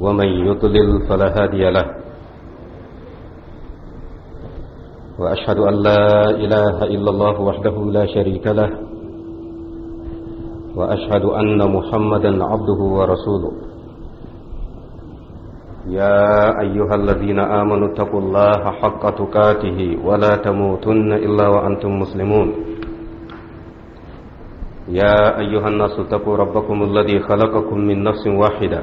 ومن يضلل فلا هادي له وأشهد أن لا إله إلا الله وحده لا شريك له وأشهد أن محمدا عبده ورسوله يا أيها الذين آمنوا اتقوا الله حق تقاته ولا تموتن إلا وأنتم مسلمون يا أيها الناس اتقوا ربكم الذي خلقكم من نفس واحدة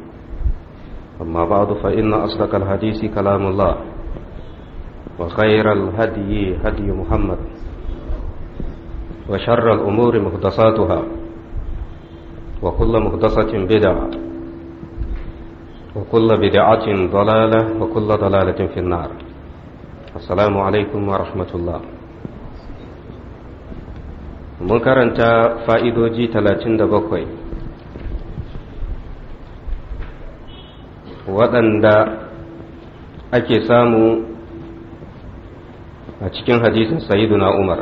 أما بعد فإن أصدق الحديث كلام الله وخير الهدي هدي محمد وشر الأمور محدثاتها وكل محدثة بدعة وكل بدعة ضلالة وكل ضلالة في النار السلام عليكم ورحمة الله mun karanta fa'idoji 37 waɗanda ake samu a cikin hadisin sayiduna umar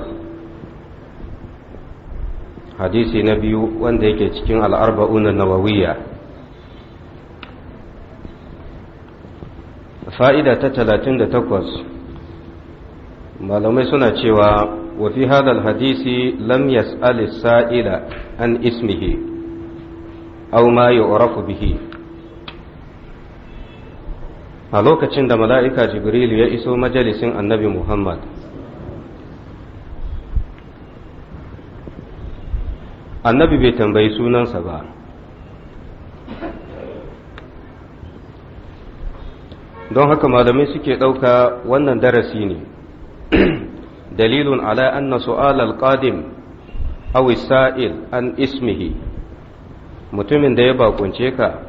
hadisi na biyu wanda yake cikin al'arba'un nawawiya fa'ida ta talatin da takwas malamai suna cewa wafi hadal hadisi lam yas'ali sa'ila an ismihi au ma yu'rafu bihi a lokacin da mala'ika jibrilu ya iso majalisin annabi muhammad annabi bai tambayi sunansa ba don haka malamai suke ɗauka wannan darasi ne dalilun ala anna su'al al-qadim aw sa'il an ismihi mutumin da ya bakunce ka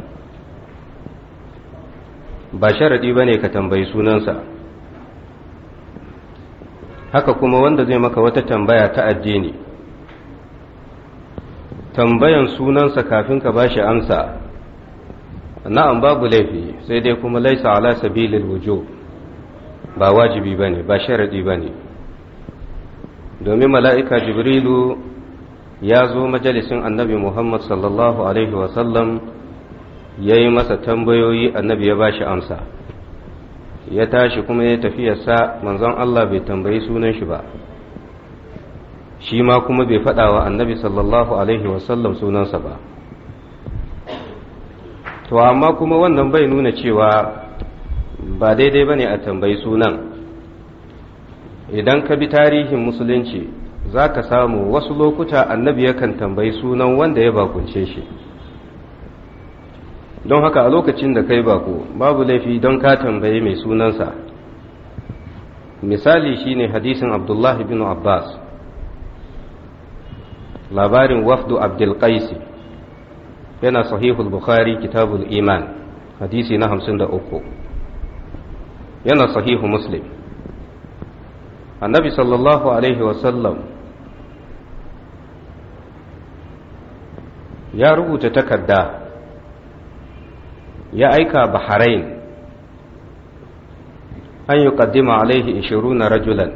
ba sharaɗi ba ne ka tambayi sunansa haka kuma wanda zai maka wata tambaya ta addini tambayan sunansa kafin ka ba shi amsa na'am babu laifi sai dai kuma laisa ala sabilil wujub ba wajibi ba ne ba sharaɗi ba ne domin mala'ika jibrilu ya zo majalisin annabi muhammad sallallahu alaihi wasallam ya yi masa tambayoyi annabi ya bashi amsa ya tashi kuma ya sa manzon Allah bai tambayi sunan shi ba shi ma kuma bai faɗa wa annabi sallallahu alaihi wasallam sunansa ba to amma kuma wannan bai nuna cewa ba daidai ba ne a tambayi sunan idan ka bi tarihin musulunci za ka samu wasu lokuta annabi yakan tambayi sunan wanda ya bakunce shi don haka a lokacin da kai bako babu laifi don ka tambaye mai sunansa misali shine hadisin abdullahi bin abbas labarin wafdu abdulkaisi yana sahihul bukhari kitabul iman hadisi na hamsin da uku yana sahihu muslim annabi sallallahu alaihi wasallam ya rubuta takarda ya aika bahrain an yi kaddima alaihi na rajulan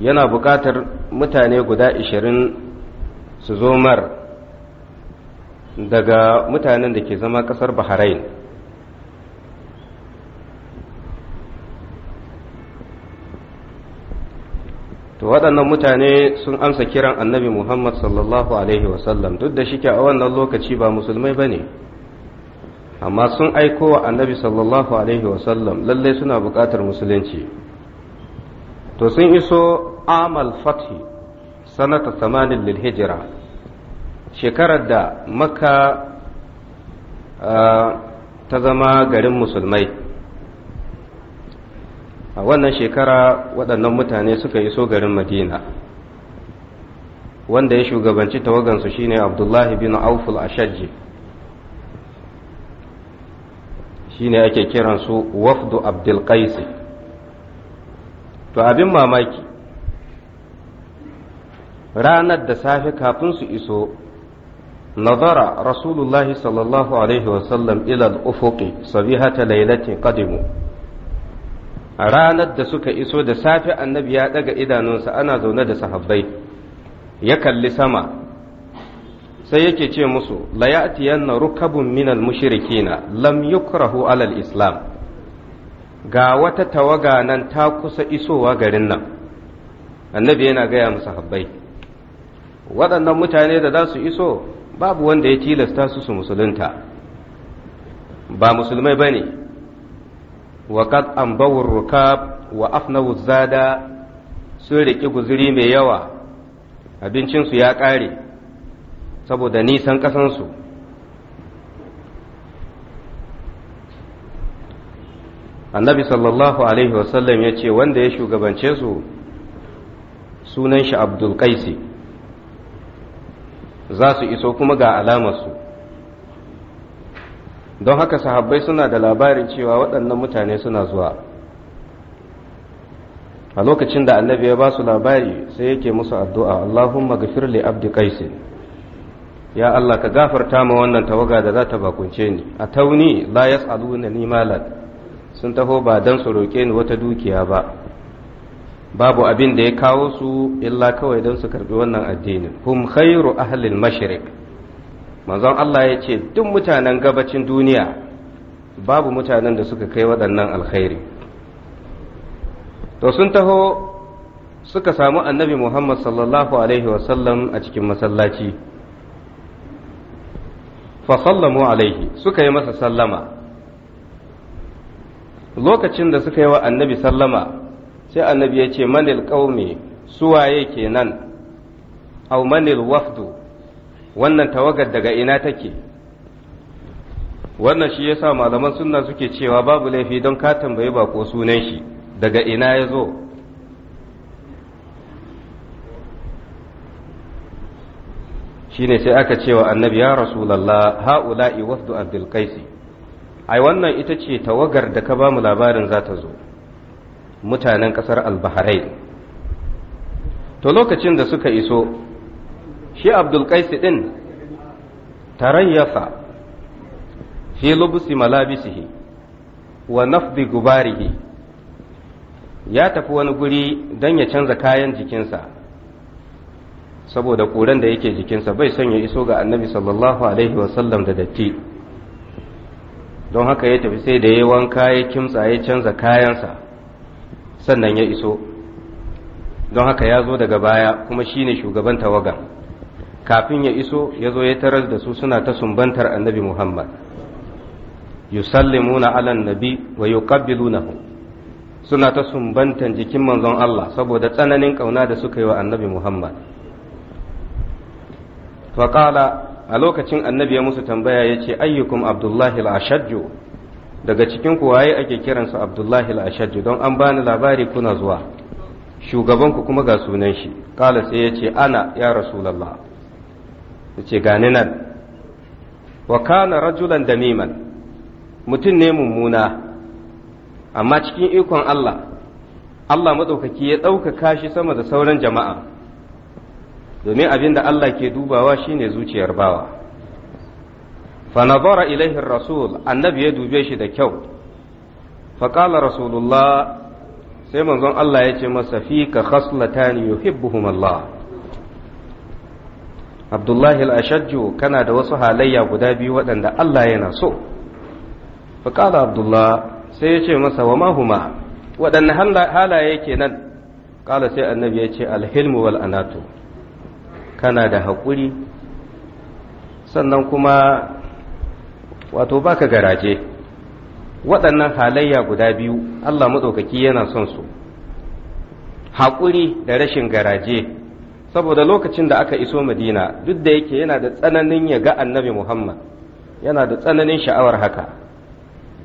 yana buƙatar mutane guda ishirin su zo daga mutanen da ke zama ƙasar bahrain to waɗannan mutane sun amsa kiran annabi muhammad sallallahu alaihi wasallam duk da shike a wannan lokaci ba musulmai ba ne amma sun aiko wa annabi sallallahu alaihi wasallam lallai suna buƙatar musulunci to sun iso amal fathi sanata samanin lil hijira shekarar da makka ah, ta zama garin musulmai a wannan shekara waɗannan mutane suka iso garin madina wanda ya shugabanci tawagansu shine abdullahi bin auful ashajji shine ake kiransu wafdu abdulkaisi to abin mamaki ranar da safe kafin su iso nazara rasulullahi sallallahu alaihi wasallam ilal ufuqi sabihata lailatin qadimu a ranar da suka iso da safe annabi ya daga idanunsa ana zaune da sahabbai ya kalli sama sai yake ce musu layatiyanna rukabun minal mushrikina lam yukrahu alal islam ga wata tawaga nan ta kusa isowa garin nan annabi yana gaya musu sahabbai. waɗannan mutane da za su iso babu wanda ya tilasta su su musulunta ba musulmai ba ne وقد أنبوا الركاب وأفنوا الزاد سورك guzuri mai yawa abincinsu ya ƙare saboda nisan ƙasansu annabi sallallahu alaihi wasallam ya ce wanda ya shugabance su sunan shi abdulkaisi za su iso kuma ga alamarsu don haka sahabbai suna da labarin cewa waɗannan mutane suna zuwa a lokacin da annabi ya ba su labari sai yake musu addu'a Allahumma gafir li abdi qaisin ya Allah ka gafarta ma wannan tawaga da za ta bakunce ni a tauni la yas'aluna ni malan sun taho ba dan su roƙe ni wata dukiya ba babu abin da ya kawo su illa kawai don su karɓi wannan addinin hum khairu ahlil mashriq manzon Allah ya ce duk mutanen gabacin duniya babu mutanen da suka kai waɗannan alkhairi to sun taho suka samu annabi Muhammad sallallahu alaihi wasallam a cikin masallaci fa sallamu alaihi suka yi masa sallama lokacin da suka yi wa annabi sallama sai annabi ya ce manil qaumi suwaye kenan aw manil wafdu wannan tawagar daga ina take wannan shi yasa malaman sunna suke cewa babu laifi don ka tambayi bako sunan shi daga ina ya zo shine sai aka cewa annabi ya rasulallah ha'ula'i wafdu abdul ai wannan ita ce tawagar da ka bamu labarin za ta zo mutanen kasar al to lokacin da suka iso shi abdul qaisi din tarayyasa fi lubusi malabisihi wa nafdi gubarihi ya tafi wani guri don ya canza kayan jikinsa saboda ƙuran da yake jikinsa bai son ya iso ga annabi sallallahu alaihi wasallam da datti don haka ya tafi sai da ya wanka ya kimtsa ya canza kayansa sannan ya iso don haka ya zo daga baya kuma shi ne shugaban tawagan kafin ya iso ya zo ya tarar da su suna ta sumbantar annabi Muhammad yusallimuna ala nabi wa yuqabbilunahu suna ta sumbantan jikin manzon Allah saboda tsananin kauna da suka yi wa annabi Muhammad Kala a lokacin annabi ya musu tambaya yace ayyukum abdullahi al-ashajju daga cikin ku waye ake kiransa abdullahi al-ashajju don an bani labari kuna zuwa shugabanku kuma ga sunan shi kala sai yace ana ya rasulullah yace gani nan wa kana rajulan damiman mutum ne mummuna amma cikin ikon Allah Allah maɗaukaki ya ɗaukaka shi sama da sauran jama'a domin abin da Allah ke dubawa shine zuciyar bawa fanabara ilaihin rasul annabi ya dube shi da kyau faƙala rasulullah sai manzon Allah ya ce masa fi ka khaslatani yuhibbuhum Allah abdullahi al-ashajju kana da wasu halayya guda biyu waɗanda Allah yana so faƙala abdullah sai ya ce masa wa mahuma waɗanne halaye nan ƙala sai annabi ya ce alhilmu wal anatu kana da haƙuri sannan kuma wato baka garaje waɗannan halayya guda biyu Allah maɗaukaki yana son su haƙuri da rashin garaje saboda lokacin da aka iso madina duk da yake yana da tsananin ya ga annabi muhammad yana da tsananin sha'awar haka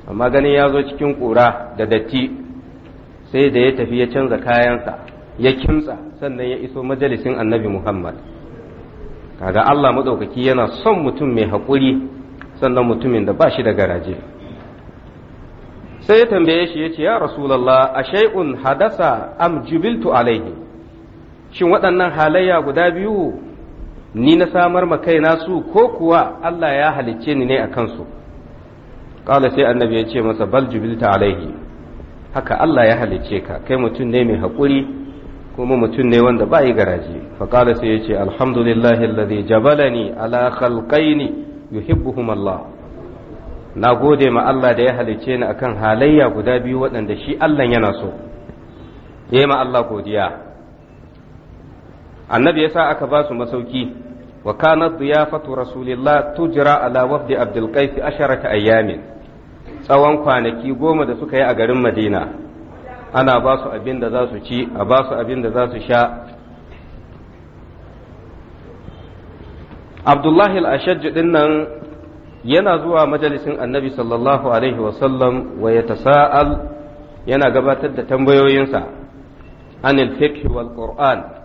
amma ganin ya zo cikin ƙura da datti sai da ya tafi ya canza kayansa ya kimsa sannan ya iso majalisin annabi muhammad kaga allah maɗaukaki yana son mutum mai haƙuri sannan mutumin da ba shi da garaje sai ya tambaye shi ya ce ya rasulallah a shay'un hadasa am jubiltu alaihi shin waɗannan halayya guda biyu ni na samar ma kaina su ko kuwa Allah ya halicce ni ne a kansu ƙala sai annabi ya ce masa bal jubilta alaihi haka Allah ya halicce ka kai mutum ne mai haƙuri kuma mutum ne wanda ba yi garaji fa sai ya ce alhamdulillahi alladhi jabalani ala khalqaini yuhibbuhum Allah na gode ma Allah da ya halicce ni akan halayya guda biyu waɗanda shi Allah yana so yayi ma Allah godiya annabi yasa aka ba su masauki wa kana diyafatu rasulillah tujra ala wafdi abdul qais asharata ayamin tsawon kwanaki goma da suka yi a garin madina ana ba su abin da za su ci a ba su abin da za su sha abdullahi al-ashajj nan yana zuwa majalisin annabi sallallahu alaihi sallam wa ya yana gabatar da tambayoyinsa anil fiqh wal qur'an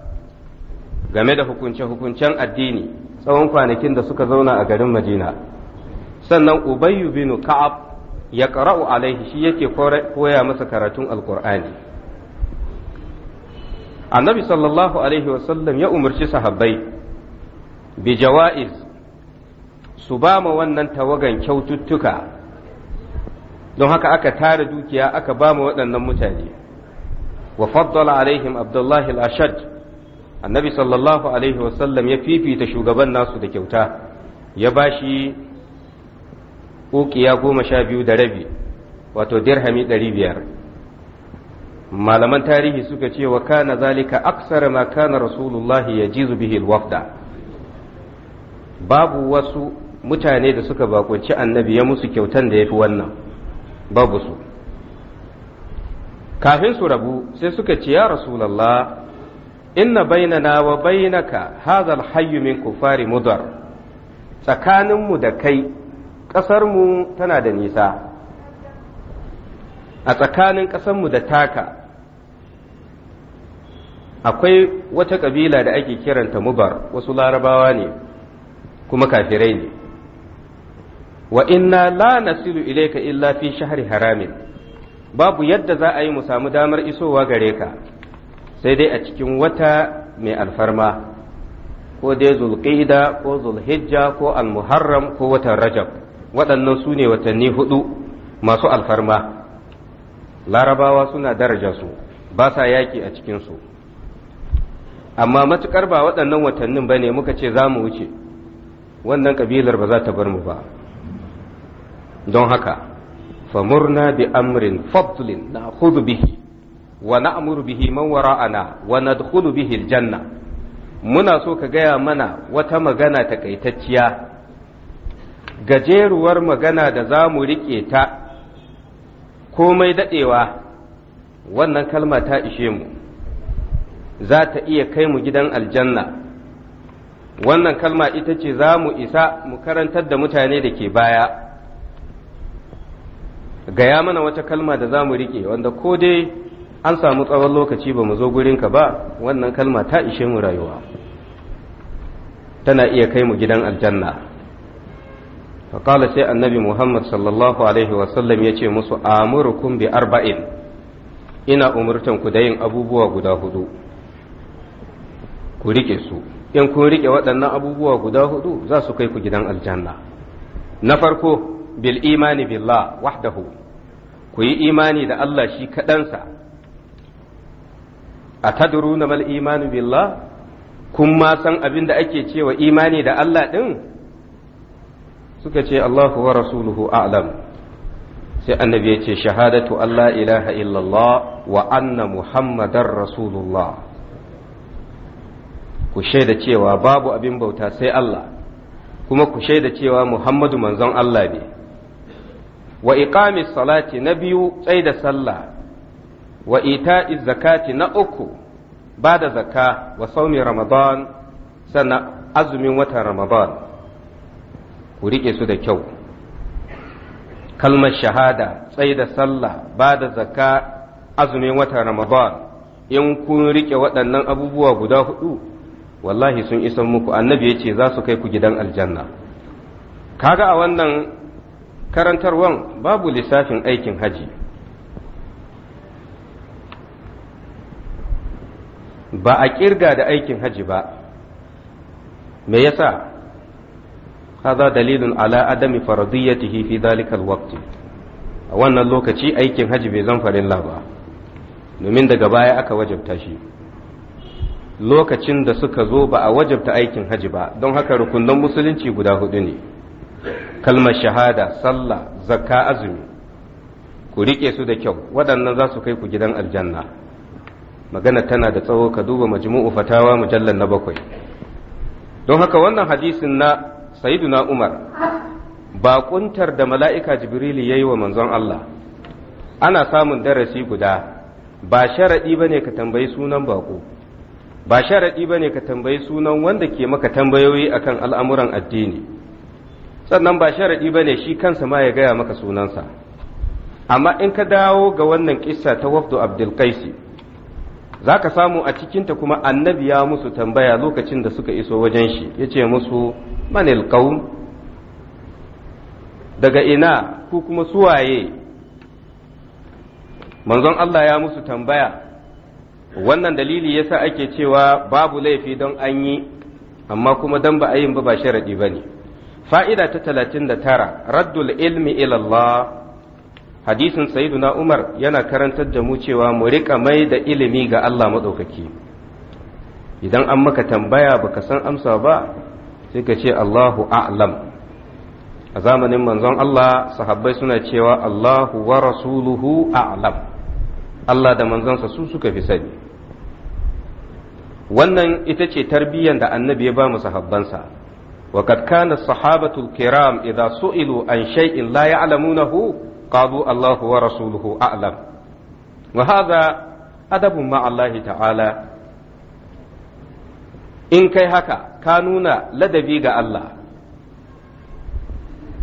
game da hukunce-hukuncen addini tsawon kwanakin da suka zauna a garin Madina. Sannan Ubayyu bin Ka'ab ya ƙara'u alaihi shi yake koya masa karatun Alƙur'ani. Annabi sallallahu Alaihi wasallam ya umarci sahabbai bi jawa'iz su ba ma wannan tawagan kyaututtuka don haka aka tara dukiya aka ba ma waɗannan mutane. wa faddala alaihim Abdullahi al-Ashad annabi sallallahu alaihi wasallam ya fifita shugaban nasu da kyauta ya bashi ukiya goma sha biyu da rabi wato dirhami ɗari biyar malaman tarihi suka ce wa kana zalika aksara ma kana rasulullahi ya jizu bihi wafda babu wasu mutane da suka bakunci annabi ya musu kyautan da ya fi wannan babu su kafin su rabu sai suka ce ya rasulallah inna bainana wa bainaka hazal hayyu min kufari mudar tsakaninmu da kai ƙasarmu tana da nisa a tsakanin ƙasarmu da taka akwai wata ƙabila da ake kiranta mubar wasu larabawa ne kuma kafirai ne wa inna la nasilu ilaika illa fi shahri haramin babu yadda za a yi mu samu damar isowa gare ka sai dai a cikin wata mai alfarma ko dai zulqa'ida ko zulhijja ko almuharram ko watan rajab waɗannan su ne watanni hudu masu alfarma larabawa suna daraja su ba sa yaƙi a cikinsu amma matukar ba waɗannan watannin ba ne muka ce za mu wuce wannan ƙabilar ba za ta bar mu ba don haka famurna bi amrin fadlin na bihi wa na'muru bihi man wara'ana wa nadkhulu bihi aljanna muna so ka gaya mana wata magana kaitacciya gajeruwar magana da za mu riƙe ta komai daɗewa wannan kalma ta ishe mu za ta iya kai mu gidan aljanna wannan kalma ita ce za mu isa mu karantar da mutane da ke baya gaya mana wata kalma da za mu riƙe wanda ko dai an samu tsawon lokaci ba mu zo ka ba wannan kalma ta ishe mu rayuwa tana iya kai mu gidan aljanna faƙala sai annabi muhammad sallallahu alaihi wasallam ya ce musu amurukum bi arba'in ina umurtan ku da yin abubuwa guda hudu ku rike su in kun rike waɗannan abubuwa guda hudu za su kai ku gidan aljanna na farko bil imani billah wahdahu ku yi imani da allah shi kaɗansa a taduru na mal imanu billah kun ma san abin da ake cewa imani da Allah ɗin suka ce Allahu wa rasuluhu a'lam sai annabi ya ce shahadatu Allah ilaha illallah wa anna muhammadar rasulullah ku shaida cewa babu abin bauta sai Allah kuma ku shaida cewa Muhammadu manzon Allah ne wa iqamis salati na biyu tsaida sallah wa ita'iz zakati na uku ba da zakka wa saumi ramadan sannan azumin watan ramadan ku riƙe su da kyau kalmar shahada tsayi da sallah ba da zakka azumin watan ramadan in kun riƙe waɗannan abubuwa guda hudu wallahi sun isan muku annabi ya ce za su kai ku gidan aljanna kaga a wannan karantarwan babu lissafin aikin haji ba a kirga da aikin haji ba me yasa haza dalilin ala adami faradiyatihi fi zalikal waqti a wannan lokaci aikin haji bai zan farilla ba domin daga baya aka wajabta shi lokacin da suka zo ba a wajabta aikin haji ba don haka rukunan musulunci guda hudu ne kalmar shahada sallah zakka azumi ku rike su da kyau waɗannan za su kai ku gidan aljanna magana tana da tsawo ka duba majmu'u fatawa mujallar na bakwai don haka wannan hadisin na sayyiduna umar baƙuntar da mala'ika jibrili ya yi wa manzon Allah ana samun darasi guda ba sharaɗi ba ne ka tambayi sunan baƙo ba sharaɗi ba ne ka tambayi sunan wanda ke maka tambayoyi akan al'amuran addini sannan ba sharaɗi ba ne shi kansa ma ya gaya maka sunansa amma in ka dawo ga wannan kissa ta wafdu abdulkaisi za ka samu a cikinta kuma annabi ya musu tambaya lokacin da suka iso wajen shi ya ce musu manil qaum daga ina ku kuma suwaye manzon Allah ya musu tambaya wannan dalili yasa ake cewa babu laifi don an yi amma kuma dan ba a yin ba ba sharaɗi ba ne fa'ida ta talatin da tara raddul ilmi ilallah hadisin sayyiduna umar yana karantar da mu cewa mu riƙa mai da ilimi ga allah maɗaukaki idan an maka tambaya baka san amsa ba sai ka ce allahu a'lam a zamanin manzon allah sahabbai suna cewa allahu wa rasuluhu a'lam allah da manzonsa su suka fi sani wannan ita ce tarbiyyar da annabi ya ba mu sahabbansa kana كان الصحابة الكرام an سئلوا عن شيء لا يعلمونه قالوا الله ورسوله أعلم وهذا أدب مع الله ta'ala. in kai haka ka nuna ladabi ga Allah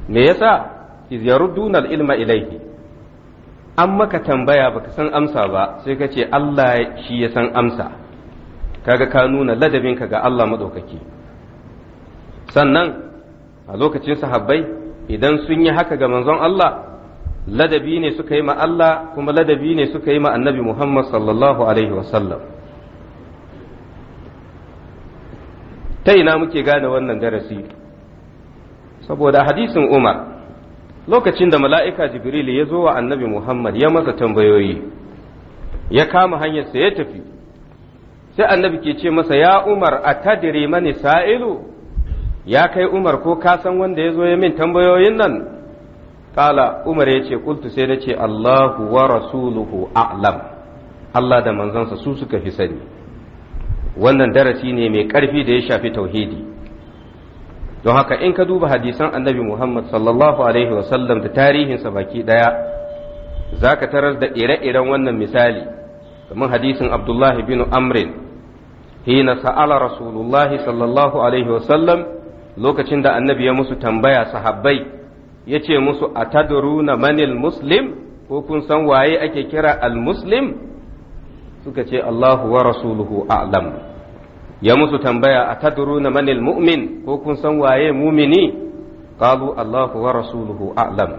me yasa iz yarudduna al-ilma ilayhi an maka tambaya baka san amsa ba sai ka ce Allah shi ya san amsa Ka ga ka nuna ladabinka ga Allah madaukaki sannan a lokacin sahabbai idan sun yi haka ga manzon Allah ladabi ne suka yi ma Allah kuma ladabi ne suka yi ma annabi Muhammad sallallahu alaihi wasallam ta ina muke gane wannan darasi saboda hadisin Umar lokacin da mala'ika Jibril ya zo wa annabi Muhammad ya masa tambayoyi ya kama hanyarsa ya tafi sai annabi ke ce masa ya Umar a tadiri mani sa'ilu ya kai Umar ko ka san wanda ya zo ya min tambayoyin nan kala umar ya ce kultu sai na ce allahu wa rasuluhu a'lam allah da manzansa su suka fi sani wannan darasi ne mai ƙarfi da ya shafi tauhidi don haka in ka duba hadisan annabi muhammad sallallahu alaihi wasallam da tarihinsa baki ɗaya za ka tarar da ire-iren wannan misali kamar hadisin abdullahi bin amrin hina sa'ala rasulullahi sallallahu alaihi wasallam lokacin da annabi ya musu tambaya sahabbai ya ce musu a taduruna manil muslim ko kun san waye ake kira al-muslim suka ce Allahu wa rasuluhu a'lam ya musu tambaya a taduruna manil mu'min ko kun san waye mumini qalu Allahu wa rasuluhu a'lam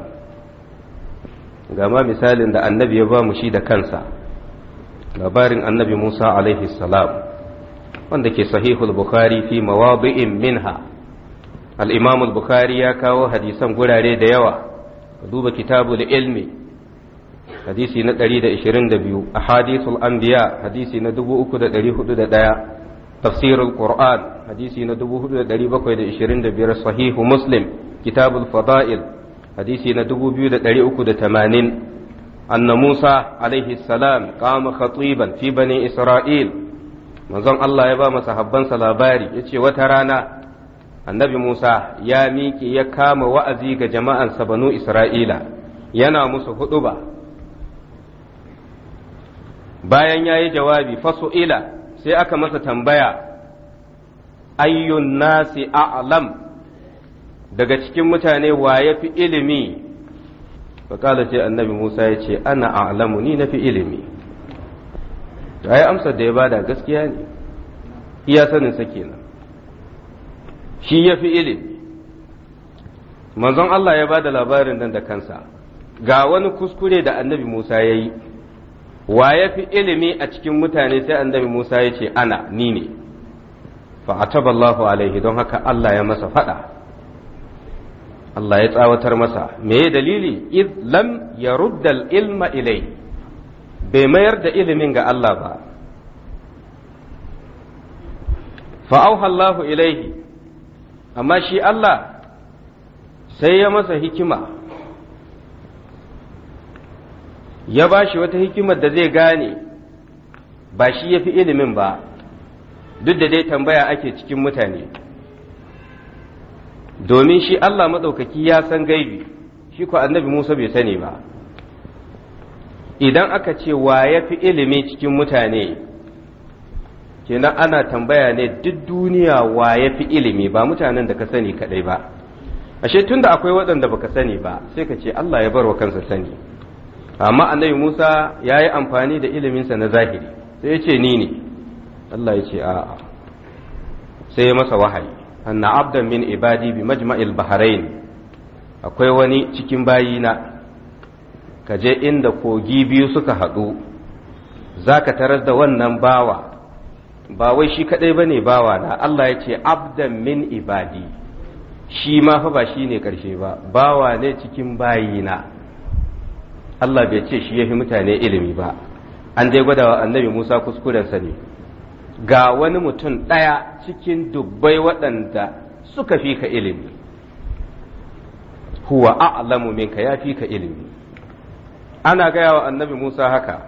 gama misalin da annabi ya ba mu shi da kansa labarin annabi Musa alaihi salam wanda ke sahihul bukhari fi mawadi'in minha al-imam bukhari ya kawo hadisan gurare da yawa duba kitabul ilmi hadisi na 122 ahadithul anbiya hadisi na 3401 tafsirul qur'an hadisi na 4725 sahihu muslim kitabul fada'il hadisi na 2380 anna musa alaihi salam qama khatiban fi isra'il manzon Allah ya ba sahabbansa labari yace wata rana annabi Musa ya miƙe ya kama wa'azi ga sa banu Isra'ila yana musu huɗuba bayan ya yi jawabi ila sai aka masa tambaya ayyun nasi a'lam daga cikin mutane wa ya fi ilimi faƙala ce annabi Musa ya ce ana a'lamu ni na fi ilimi ta yi amsar da ya bada gaskiya ne iya saninsa kenan shi ya fi ilimi manzon Allah ya ba da labarin nan da kansa ga wani kuskure da annabi Musa ya yi wa ya fi ilimi a cikin mutane sai annabi Musa ya ce ana ni ne fa fa'ataballahu alaihi don haka Allah ya masa fada Allah ya tsawatar masa me dalili id lam yaruddal ilma ilai bai mayar da ilimin ga Allah ba fa fa'auhallahu ilaihi amma shi Allah sai ya masa hikima ya ba shi wata hikimar da zai gane ba shi ya fi ilimin ba duk da dai tambaya ake cikin mutane domin shi Allah maɗaukaki ya san gaibi shi ko annabi Musa bai sani ba idan aka ce wa ya fi ilimi cikin mutane kenan ana tambaya ne duk duniya wa ya fi ilimi ba mutanen da ka sani kadai ba ashe tunda akwai waɗanda baka sani ba sai ka ce Allah ya bar wa kansa sani amma annabi Musa ya yi amfani da iliminsa na zahiri sai ya ce ni ne Allah ya ce a'a sai ya masa wahayi anna abdan min ibadi bi majma'il bahrain akwai wani cikin bayina ka je inda kogi biyu suka haɗu zaka ka tarar da wannan bawa ba wai shi kadai bane bawa na Allah ya ce abdan min ibadi shi ma fa ba shi ne karshe ba bawa ne cikin bayi na. Allah bai ce shi yafi mutane ilimi ba an dai gwadawa annabi Musa kuskurensa ne ga wani mutum ɗaya cikin dubbai waɗanda suka fi ka ilimi huwa a'lamu minka ya fi ka ilimi ana gaya wa annabi Musa haka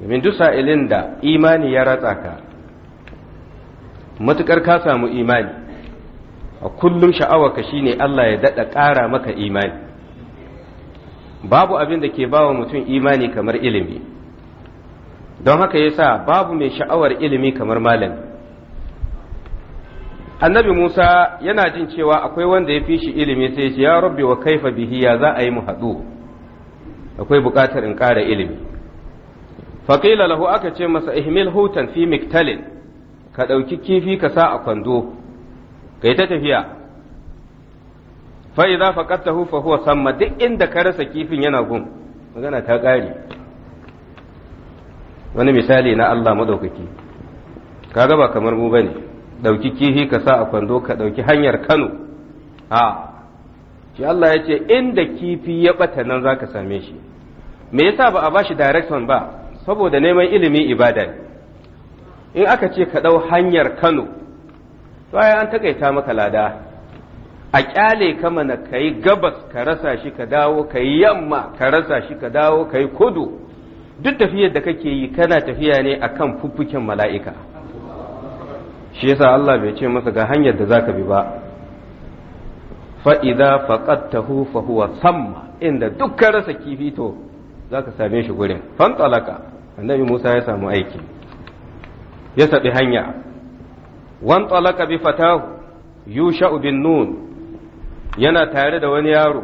domin duk sa'ilin da imani ya ratsa ka matukar ka samu imani a kullum sha'awarka shine Allah ya daɗa ƙara maka imani babu abin da ke bawa mutum imani kamar ilimi don haka yasa babu mai sha'awar ilimi kamar malami annabi Musa yana jin cewa akwai wanda ya fi shi ilimi sai ya ce ya rabbi wa kaifa bihi ya za a yi mu haɗu akwai buƙatar in ƙara ilimi faƙila lahu aka ce masa ihmil hutan fi miktalin ka ɗauki kifi ka sa a kwando ka yi ta tafiya fa idza ta fa huwa samma duk inda ka rasa kifin yana gun magana ta ƙari. wani misali na Allah maɗaukaki ka ba kamar mu bane ɗauki kifi ka sa a kwando ka ɗauki hanyar Kano a shi Allah ya ce inda kifi ya ɓata nan za ka same shi me yasa ba a ba shi direction ba saboda neman ilimi ibada ne in aka ce ka ɗau hanyar kano to an takaita maka lada a ƙyale ka mana ka yi gabas ka rasa shi ka dawo ka yi yamma ka rasa shi ka dawo ka yi kudu duk tafiyar da kake yi kana tafiya ne a kan fuffukin mala'ika shi yasa Allah bai ce masa ga hanyar da ka bi ba fa'iza faƙattahu fahuwa samma inda duk ka rasa kifi to za ka same shi gurin fantalaka annabi musa ya samu aiki ya taɓi hanya wan talaka bi fatahu Yusha'u bin nun yana tare da wani yaro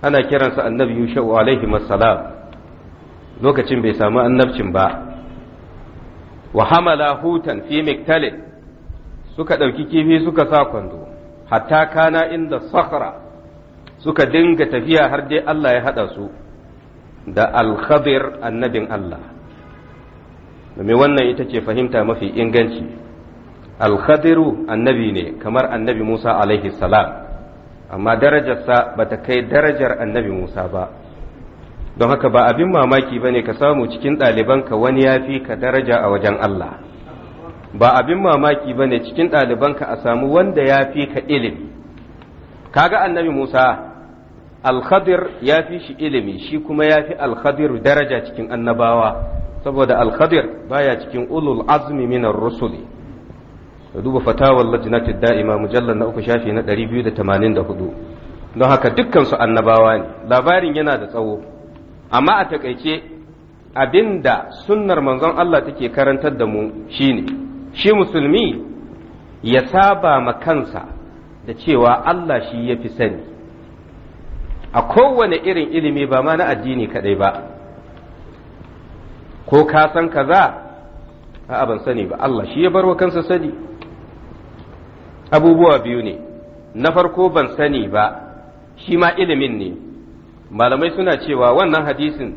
ana kiransa annabi yusha alaihi salam lokacin bai samu annabcin ba wa hamala hutan fi suka ɗauki kifi suka sa kwando hatta kana inda sakra suka dinga tafiya har dai Allah ya haɗa su da alkhadir annabin Allah domin wannan ita ce fahimta mafi inganci alkhadiru annabi ne kamar annabi musa alaihi salam amma darajarsa ba ta kai darajar annabi musa ba don haka ba abin mamaki ba ne ka samu cikin ɗalibanka wani ya fi ka daraja a wajen allah ba abin mamaki ba ne cikin ɗalibanka a samu wanda ya fi ka ilimi kaga annabi musa alkhadir ya fi shi ilimi shi kuma ya fi alkhadir daraja cikin annabawa saboda al baya cikin ulul azmi minar rusuli duba fatawar lajnatid da'ima mujallar na uku shafi na 284 don haka dukkan su annabawa ne labarin yana da tsawo amma a takaice abinda sunnar manzon Allah take karantar da mu shine shi musulmi ya saba ma kansa da cewa Allah shi ya fi sani a kowane irin ilimi ba ma na addini kadai ba ko ka san kaza a'a ban sani ba Allah shi ya bar wa kansa sani abubuwa biyu ne na farko ban sani ba shi ma ilimin ne malamai suna cewa wannan hadisin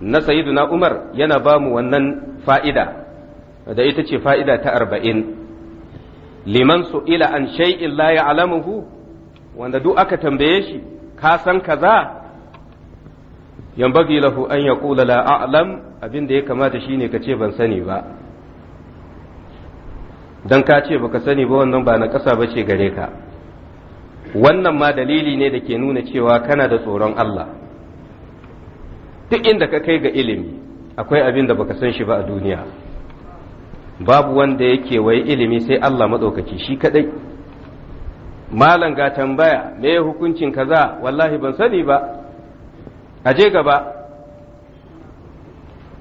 na sayyiduna umar yana ba mu wannan fa'ida da ita ce fa'ida ta arba'in liman su'ila an shay'in la alamuhu wanda duk aka tambaye shi ka san kaza yanbaghi lahu an yaqula la a'lam abinda ya kamata shine ka ce ban sani ba dan ka ce baka sani ba wannan ba na kasa bace gare ka wannan ma dalili ne da ke nuna cewa kana da tsoron Allah duk inda ka kai ga ilimi akwai abin da baka san shi ba a duniya babu wanda yake wai ilimi sai Allah maɗaukaki shi kadai malam ga tambaya me hukuncin kaza wallahi ban sani ba a je gaba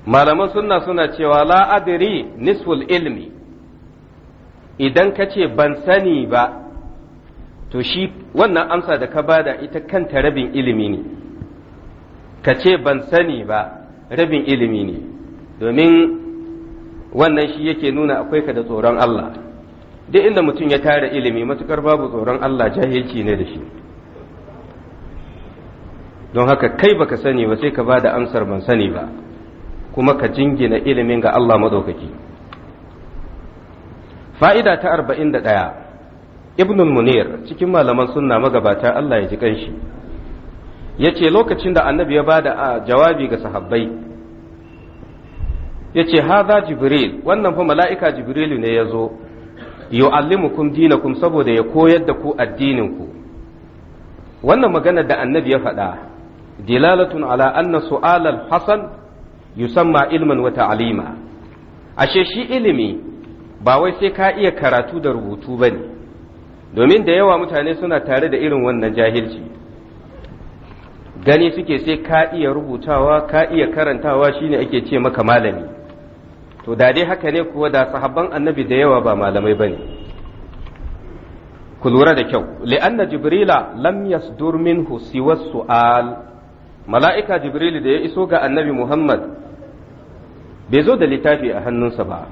malaman sunna suna cewa la adri nisful ilmi idan ka ce ban sani ba to shi wannan amsa da ka bada ita kanta rabin ilimi ne ka ce ban sani ba rabin ilimi ne domin wannan shi yake nuna akwai ka da tsoron Allah duk inda mutum ya tara ilimi matukar babu tsoron Allah jahilci ne da shi don haka kai baka sani ba sai ka ba da amsar ban sani ba kuma ka jingina ilimin ga Allah maɗaukaki fa'ida ta arba'in da ɗaya ibnul munir cikin malaman sunna magabata Allah ya ji kanshi ya ce lokacin da annabi ya ba da jawabi ga sahabbai ya ce haza jibril wannan fa mala'ika jibrilu ne ya zo yu'allimukum dinakum saboda ya koyar da ku addininku wannan magana da annabi ya faɗa dilalatun ala anna سؤال الحسن يسمى علما ilman wata ta'lima ashe shi ilimi ba wai sai ka iya karatu da rubutu bane domin da yawa mutane suna tare da irin wannan jahilci gani suke sai ka iya rubutawa ka iya karantawa shine ake ce maka malami to da dai haka ne kuwa da sahabban annabi da yawa ba malamai bane ku lura da kyau li'anna jibrila lam yasdur minhu siwa su'al mala'ika jibrilu da ya iso ga annabi muhammad bai zo da littafi a hannunsa ba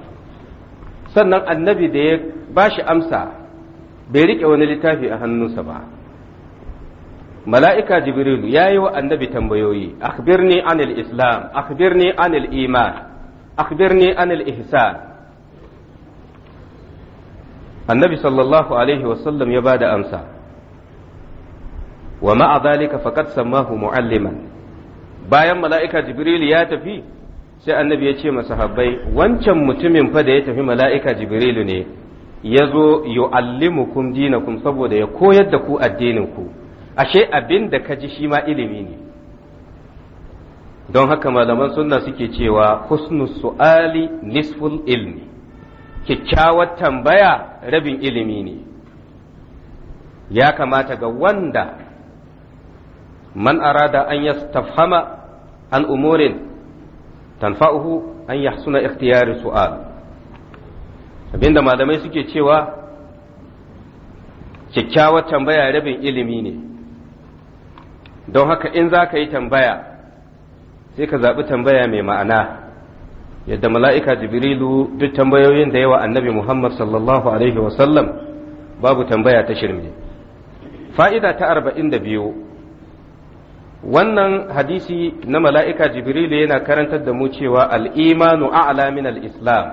sannan annabi da ya ba shi amsa bai riƙe wani littafi a hannunsa ba mala'ika Jibril ya yi wa annabi tambayoyi akhbirni anil islam akhbirni anil iman akhbirni anil ihsan annabi sallallahu alaihi wasallam ya ba da amsa wa ma'a zalika faqad sammahu mu'alliman bayan mala'ika jibril ya tafi sai annabi ya ce masahabbai wancan mutumin fa da ya tafi mala'ika jibrilu ne ya zo yu'allimukum dinakum saboda ya koyar da ku addinin ku ashe abin da ka ji shi ma ilimi ne don haka malaman sunna suke cewa husnu su'ali nisful ilmi kyakkyawar tambaya rabin ilimi ne ya kamata ga wanda man arada an yastafhama an umurin tanfa'uhu an yahsuna ikhtiyari su'al abinda malamai suke cewa kyakkyawar tambaya rabin ilimi ne don haka in za ka yi tambaya sai ka zaɓi tambaya mai ma'ana yadda mala'ika jibrilu duk tambayoyin da yawa annabi muhammad sallallahu alaihi wasallam babu tambaya ta shirme fa'ida ta arba'in da biyu wannan hadisi na mala'ika jibrilu yana karantar da mu cewa al'imanu a'la min al'islam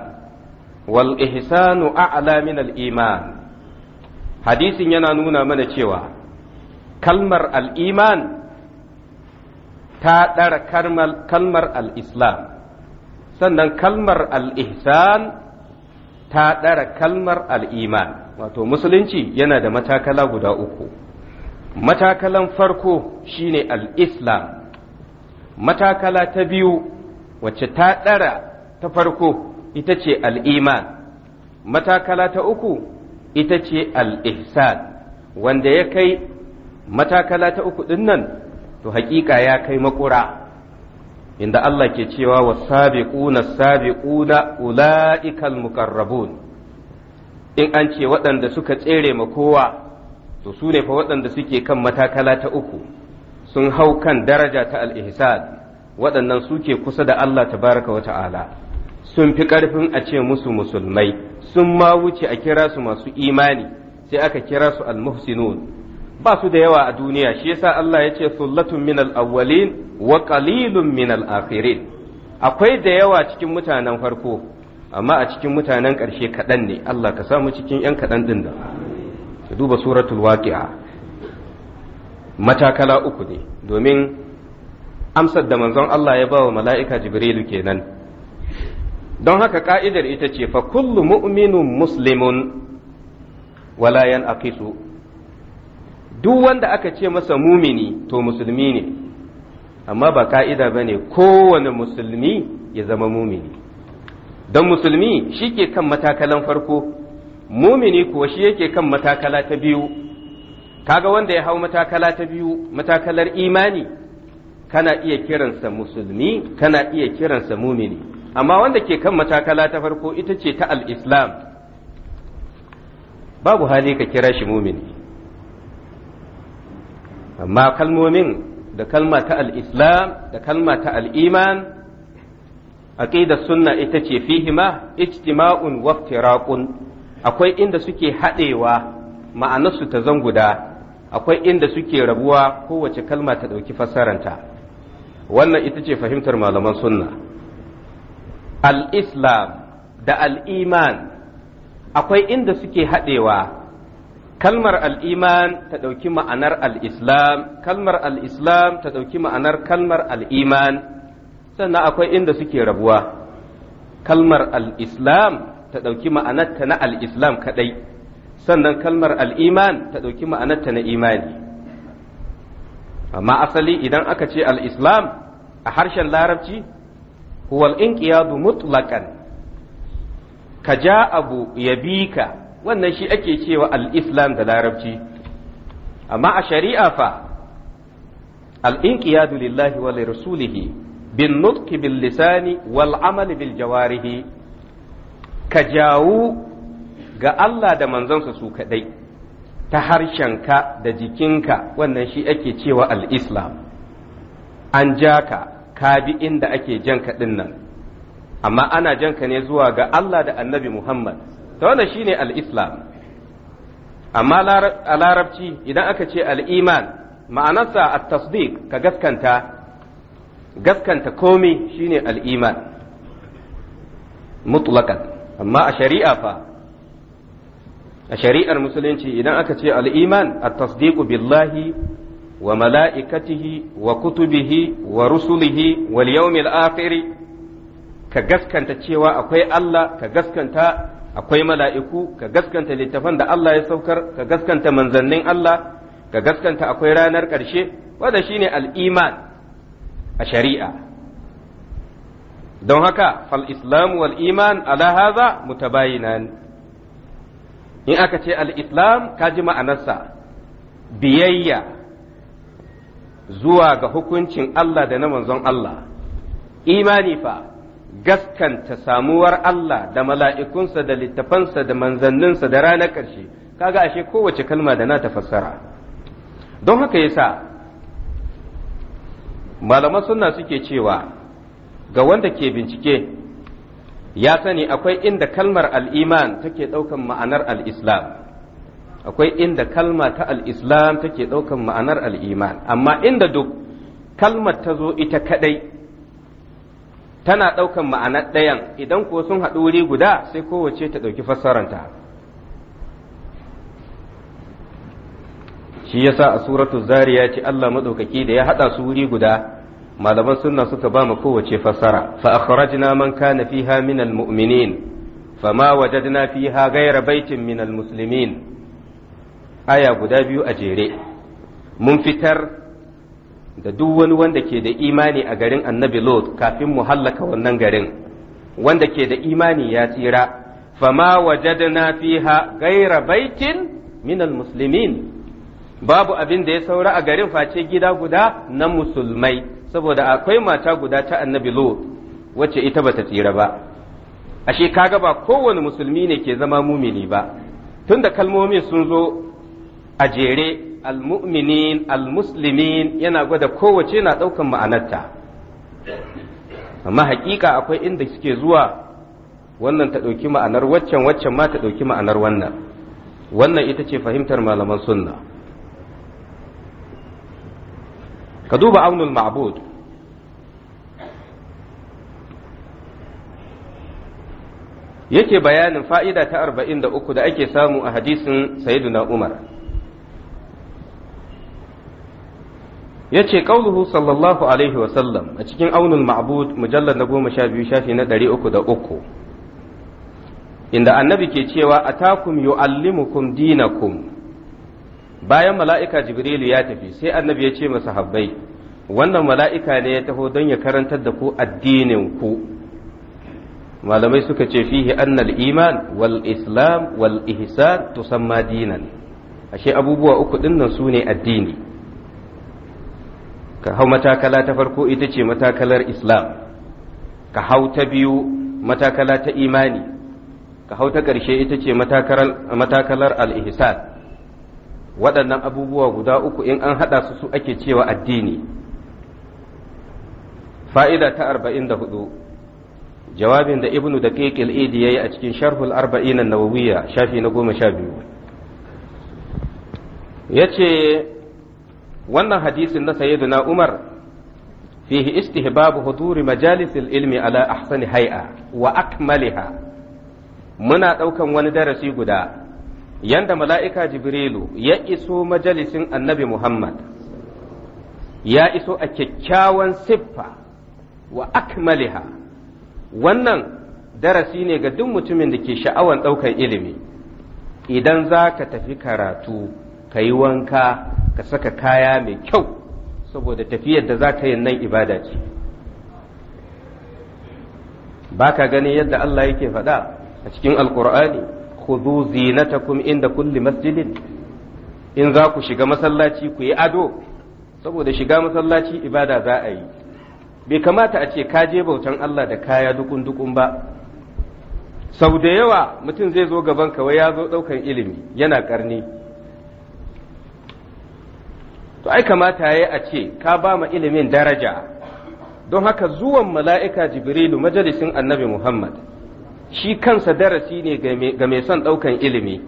wal ihsanu a'la min al'iman hadisin yana nuna mana cewa kalmar al'iman ta ɗara kalmar al'islam sannan kalmar al'ihsan ta ɗara kalmar al'iman wato musulunci yana da matakala guda uku matakalan farko shine al-islam matakala ta biyu wacce ta ɗara ta farko ita ce al-iman matakala ta uku ita ce al-ihsan wanda ya kai matakala ta uku ɗin nan to haƙiƙa ya kai makura inda Allah ke cewa wa sabiquna sabiquna ula'ikal mukarrabun in an ce waɗanda suka tsere ma kowa to su ne fa waɗanda suke kan matakala ta uku sun hau kan daraja ta al waɗannan suke kusa da Allah baraka wa ta'ala sun fi ƙarfin a ce musu musulmai sun ma wuce a kira su masu imani sai aka kira su al-muhsinun ba su da yawa a duniya shi yasa Allah ya ce sullatun min al-awwalin wa qalilun min al-akhirin akwai da yawa cikin mutanen farko amma a cikin mutanen ƙarshe kaɗan ne Allah ka samu cikin 'yan kaɗan ɗin da duba suratul waqi'a matakala uku ne domin amsar da manzon Allah ya bawa mala'ika jibrilu kenan don haka ka'idar ita ce fa kullu mu'minun muslimun wala yan aqisu duk wanda aka ce masa mumini to musulmi ne amma ba ka'ida ba ne kowane musulmi ya zama mumini don musulmi shi ke kan matakalan farko mumini kuwa shi yake kan matakala ta biyu kaga wanda ya hau matakala ta biyu matakalar imani kana iya kiransa musulmi kana iya kiransa mumini amma wanda ke kan matakala ta farko ita ce ta al babu hali ka kira shi mumini amma kalmomin da kalma ta al'islam da kalma ta al-iman aqidar sunna ita ce fihima ijtima'un wa iftiraqun akwai inda suke haɗewa ma'anarsu ta zanguda akwai inda suke rabuwa kowace kalma ta ɗauki fassaranta wannan ita ce fahimtar malaman sunna al-islam da al-iman akwai inda suke haɗewa kalmar al'iman ta ɗauki ma'anar al'islam kalmar al'islam ta ɗauki ma'anar kalmar al'iman sannan akwai inda suke rabuwa kalmar al'islam ta ɗauki ma'anarta na al'islam kaɗai sannan kalmar al'iman ta ɗauki ma'anarta na imani amma asali idan aka ce al'islam a harshen larabci huwal inqiyadu mutlaqan ka ja abu ya bi ka wannan shi ake cewa al'islam da larabci amma a shari'a fa al'inƙiyadu lillahi wa rasulihi bin nutki bil lisani wal amali bil jawarihi ka jawo ga Allah da manzansa su kaɗai ta harshenka da jikinka wannan shi ake cewa al'islam an ja ka ka bi inda ake janka ɗin nan amma ana janka ne zuwa ga Allah da annabi Muhammad ta wannan shi ne al'islam amma a larabci idan aka ce al'iman ma'anarsa a tasdiq ka gaskanta gaskanta komi ne al'iman mutlakan amma a shari'a fa a shari'ar musulunci idan aka ce al'iman a tasdiku billahi wa mala'ikatihi wa kutubihi wa rusulihi wa yawmil akhiri ka gaskanta cewa akwai Allah ka gaskanta akwai mala'iku ka gaskanta littafan da Allah ya saukar ka gaskanta manzannin Allah ka gaskanta akwai ranar ƙarshe wanda shine al'iman a shari'a don haka fal islam wal iman ala haza mutabayinan in aka ce al islam ka ji ma'anarsa biyayya zuwa ga hukuncin Allah da na manzon Allah imani fa gaskanta samuwar Allah da mala'ikunsa da littafansa da manzanninsa da ranar ƙarshe kaga ashe kowace kalma da na fassara don haka yasa malaman sunna suke cewa ga wanda ke bincike ya sani akwai inda kalmar al'iman take ɗaukan ma'anar al'islam akwai inda kalma ta al'islam take ɗaukan ma'anar al'iman amma inda duk kalmar ta zo ita kaɗai tana ɗaukan ma'anar ɗayan idan ko sun haɗu wuri guda sai kowace ta ɗauki fassaranta shi yasa a suratu zariya ce Allah maɗaukaki da ya haɗa su wuri guda malaman sunna suka ba mu kowace fassara fa akhrajna man kana fiha min almu'minin fa ma wajadna fiha ghayra baitin min almuslimin aya guda biyu a jere mun fitar da duk wani wanda ke da imani a garin annabi lot kafin mu hallaka wannan garin wanda ke da imani ya tsira ma wajadna fiha gaira baitin min almuslimin babu abin da ya saura a garin face gida guda na musulmai saboda akwai mata guda ta annabi lot wacce ita bata tsira ba ashe kaga ba kowane musulmi ne ke zama mumini ba tunda kalmomin sun zo a jere almu'minin almuslimin yana gwada kowace na ɗaukan ma'anarta amma haƙiƙa akwai inda suke zuwa wannan ta ɗauki ma'anar waccan waccan ma ta ɗauki ma'anar wannan wannan ita ce fahimtar malaman sunna ka duba aunul ma'bud yake bayanin fa'ida ta arba'in da uku da ake samu a hadisin sayyiduna umar ya ce ƙauluhu sallallahu alaihi wasallam a cikin aunul ma'bud mujallar na goma sha biyu shafi na ɗari uku da uku inda annabi ke cewa atakum yu'allimukum dinakum bayan mala'ika jibrilu ya tafi sai annabi ya ce masa habbai wannan mala'ika ne ya taho don ya karantar da ku addinin ku malamai suka ce fihi annal iman wal islam wal ihsan tusamma dinan ashe abubuwa uku dinnan su ne addini ka hau matakala ta farko ita ce matakalar islam ka hau ta biyu matakala ta imani ka hau ta ƙarshe ita ce matakalar al-ihsan waɗannan abubuwa guda uku in an haɗa su su ake cewa addini fa'ida ta arba'in da hudu jawabin da ibnu da ƙiƙil idi ya yi a cikin sharhul arba'in nawawiya shafi na goma sha biyu ya ce wannan hadisin na na umar fihi istihbabu huduri majalisil ilmi ala ahsani hai'a wa akmaliha muna ɗaukan wani darasi guda yanda mala'ika jibrilu ya iso majalisin annabi muhammad ya iso a kyakkyawan siffa wa akmaliha wannan darasi ne ga duk mutumin da ke sha'awan ɗaukar ilimi idan za ka tafi karatu ka yi wanka ka saka kaya mai kyau saboda tafiyar da za ka yi nan ibada ce ba ka gani yadda Allah yake faɗa a cikin alkur'ani khudhu zinatakum inda kulli masjidin in za ku shiga masallaci ku yi ado saboda shiga masallaci ibada za a yi bai kamata a ce ka je bautan Allah da kaya dukun dukun ba sau da yawa mutum zai zo gaban ka wai ya zo daukan ilimi yana karni to ai kamata yayi a ce ka ba ma ilimin daraja don haka zuwan mala'ika jibrilu majalisin annabi muhammad shi kansa darasi ne ga mai son ɗaukan ilimi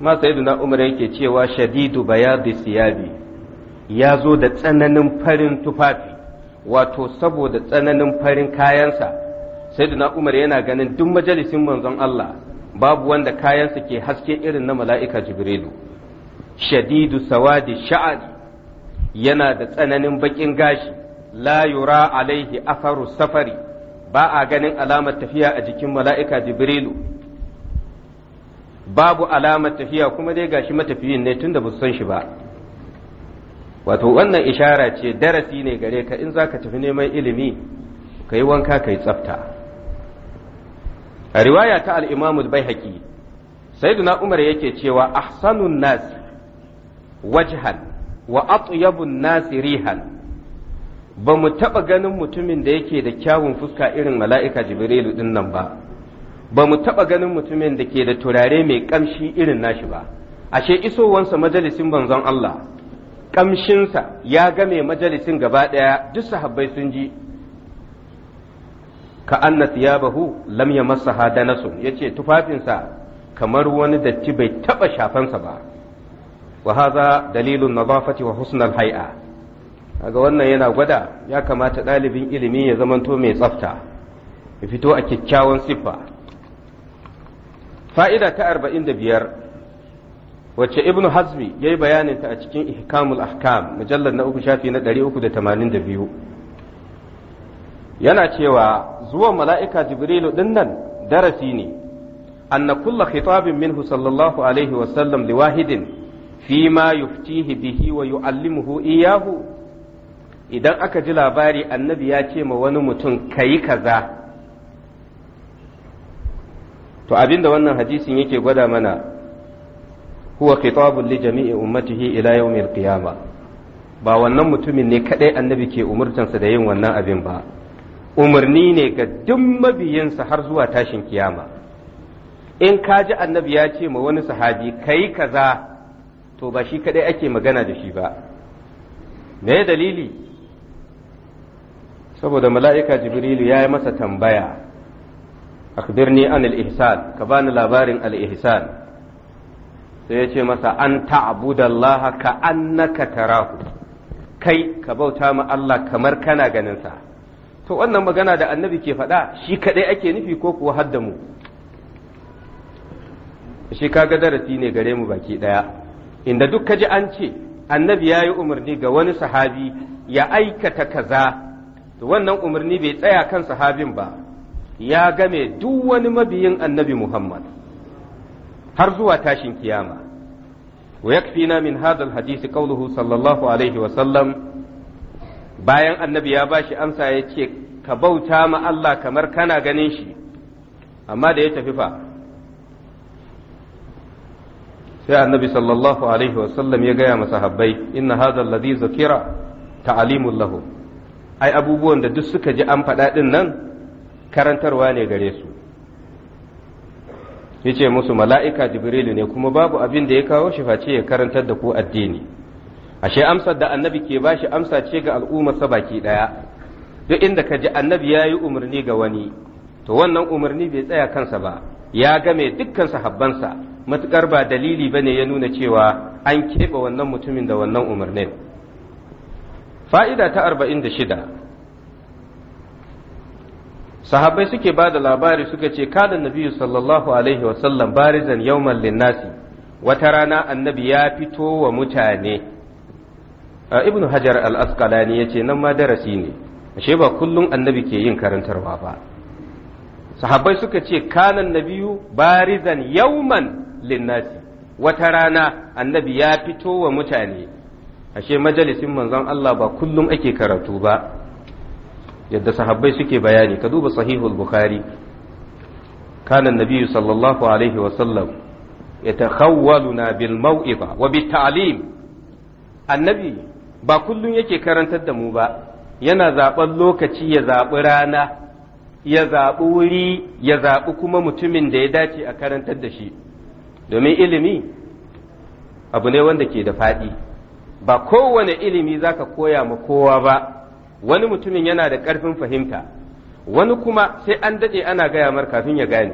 ma na umar yake cewa shadidu bayadi siyabi ya zo da tsananin farin tufafi wato saboda tsananin farin kayansa sayyiduna umar yana ganin duk majalisin manzon Allah babu wanda kayansa ke haske irin na mala'ika jibrilu shadidu sawadi sha'ari yana da tsananin baƙin gashi la yura alaihi asaru safari ba a ganin alamar tafiya a jikin mala'ika jibrilu babu alamar tafiya kuma dai gashi matafiyin ne tunda ba su san shi ba wato wannan ishara ce darasi ne gare ka in za ka tafi neman ilimi ka yi wanka ka yi tsafta a riwaya ta al'imamul bai haƙi sayyiduna umar yake cewa ahsanun nas wajhan wa atyabun Nasi, rihan ba mu taɓa ganin mutumin da yake da kyawun fuska irin mala'ika jibrilu ɗin nan ba ba mu taɓa ganin mutumin da ke da turare mai ƙamshi irin nashi ba ashe isowansa majalisin banzan Allah ƙamshinsa ya game majalisin gaba ɗaya duk sahabbai sun ji ka anna thiyabahu lam nasu ya ce tufafinsa kamar wani datti bai taɓa shafansa ba wa hadha dalilun wa husnal haia. ga wannan yana gwada ya kamata ɗalibin ilimi ya zamanto mai tsafta ya fito a kyakkyawan siffa fa'ida ta arba'in da biyar wacce ibnu hazmi ya yi bayaninta a cikin ihkamul ahkam mujallar na uku shafi na ɗari uku da tamanin da biyu yana cewa zuwan mala'ika jibrilu ɗin nan darasi ne anna kulla khitabin minhu sallallahu alaihi wasallam liwahidin fi ma yuftihi bihi wa yu'allimuhu iyahu idan aka ji labari annabi ya ce ma wani mutum ka yi kaza to abinda wannan hadisin yake gwada mana huwa khitabun li jami'i ummatihi ila yawmil qiyama ba wannan mutumin ne kadai annabi ke umurtansa da yin wannan abin ba umarni ne ga duk mabiyinsa har zuwa tashin kiyama in ka ji annabi ya ce ma wani sahabi kai kaza to ba shi kadai ake magana da shi ba me dalili saboda mala'ika jibrilu ya yi masa tambaya akbirni an al’ihsan ka bani labarin al’ihsan sai ya ce masa an ta'budallaha ka annaka tarahu kai ka bauta ma Allah kamar kana ganinsa to wannan magana da annabi ke faɗa shi kaɗai ake nufi ko kuwa hadda mu shi kaga darasi ne gare mu baki ɗaya inda duk ka ji an ce annabi ya yi umarni ga wani sahabi ya aikata kaza to wannan umarni bai tsaya kan sahabin ba ya game duk wani mabiyin annabi Muhammad har zuwa tashin kiyama wa min hadal hadisi qawluhu sallallahu alaihi wa sallam bayan annabi ya bashi amsa ya ce ka bauta ma Allah kamar kana ganin shi amma da ya tafi fa sai annabi sallallahu alaihi wa sallam ya gaya masahabbai inna hadha alladhi zakira ta'alimul lahum ai abubuwan da duk suka ji an faɗa ɗin nan karantarwa ne gare su ya ce musu mala'ika jibrilu ne kuma babu abin da ya kawo shi face ya karantar da ku addini ashe amsar da annabi ke ba shi amsa ce ga al'ummarsa baki ɗaya duk inda ka ji annabi ya yi umarni ga wani to wannan umarni bai tsaya kansa ba ya game dukkan sahabbansa matukar ba dalili ba ne ya nuna cewa an keɓe wannan mutumin da wannan umarnin fa'ida ta arba'in da shida sahabbai suke ba da labari suka ce kada nabi sallallahu alaihi wasallam barizan yawman linnasi wata rana annabi ya fito wa mutane ibn hajar al-asqalani ya ce nan ma darasi ne ashe ba kullum annabi ke yin karantarwa ba sahabbai suka ce kanan nabiyu barizan yawman linnasi wata rana annabi ya fito wa mutane ashe majalisin manzon Allah ba kullum ake karatu ba yadda sahabbai suke bayani ka duba sahihul bukhari kana nabiyyu sallallahu alaihi wa sallam yatakhawwaluna bil mau'iza wa bit ta'lim annabi ba kullum yake karantar da mu ba yana zaɓan lokaci ya zaɓi rana ya zaɓi wuri ya zaɓi kuma mutumin da ya dace a karantar da shi domin ilimi abu ne wanda ke da faɗi ba kowane ilimi za ka koya ma kowa ba wani mutumin yana da ƙarfin fahimta wani kuma sai an daɗe ana gaya mar kafin ya gane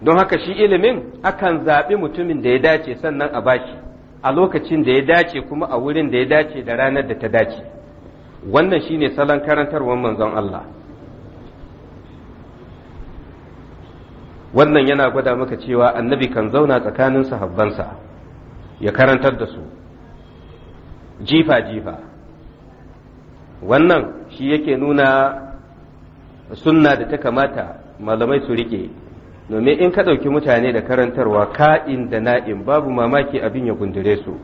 don haka shi ilimin akan zaɓi mutumin da ya dace sannan a bashi a lokacin da ya dace kuma a wurin da ya dace da ranar da ta dace wannan shi ne salon karantarwar manzon Allah wannan yana gwada maka cewa annabi kan zauna tsakanin sahabbansa ya karantar da su jifa-jifa wannan shi yake nuna sunna da ta kamata malamai su rike domin in ka ɗauki mutane da karantarwa ka'in da na'in babu mamaki abin ya gundure su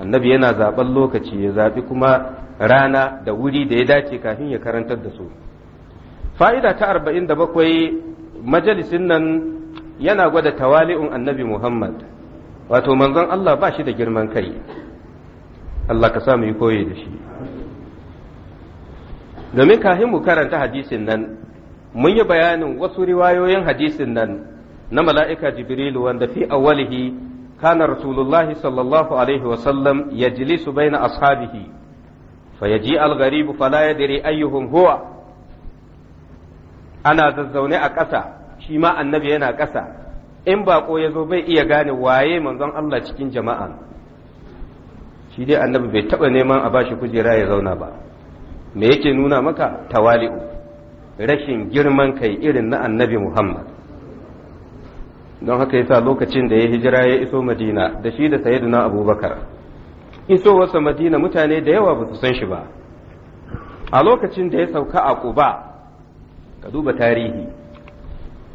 annabi yana zaɓen lokaci ya zaɓi kuma rana da wuri da ya dace kafin ya karantar da su fa'ida ta arba'in da bakwai majalisin nan yana gwada tawali'un annabi muhammad wato manzon allah ba shi da girman kai Allah ka sa mu yi koyi da shi domin kafin mu karanta hadisin nan mun yi bayanin wasu riwayoyin hadisin nan na mala'ika jibrilu wanda fi awwalihi kana rasulullahi sallallahu alaihi wasallam ya jilisu baina ashabihi fa yaji al-gharibu fala yadri ayyuhun huwa ana zazzaune a ƙasa shi ma annabi yana ƙasa in baƙo ya zo bai iya gane waye manzon Allah cikin jama'a shi dai annabi bai taɓa neman a bashi kujera ya zauna ba me yake nuna maka tawali'u rashin girman kai irin na annabi muhammad don haka yasa lokacin da ya hijira ya iso madina da shi da sayyiduna abubakar iso wasa madina mutane da yawa ba su san shi ba a lokacin da ya sauka a quba ka duba tarihi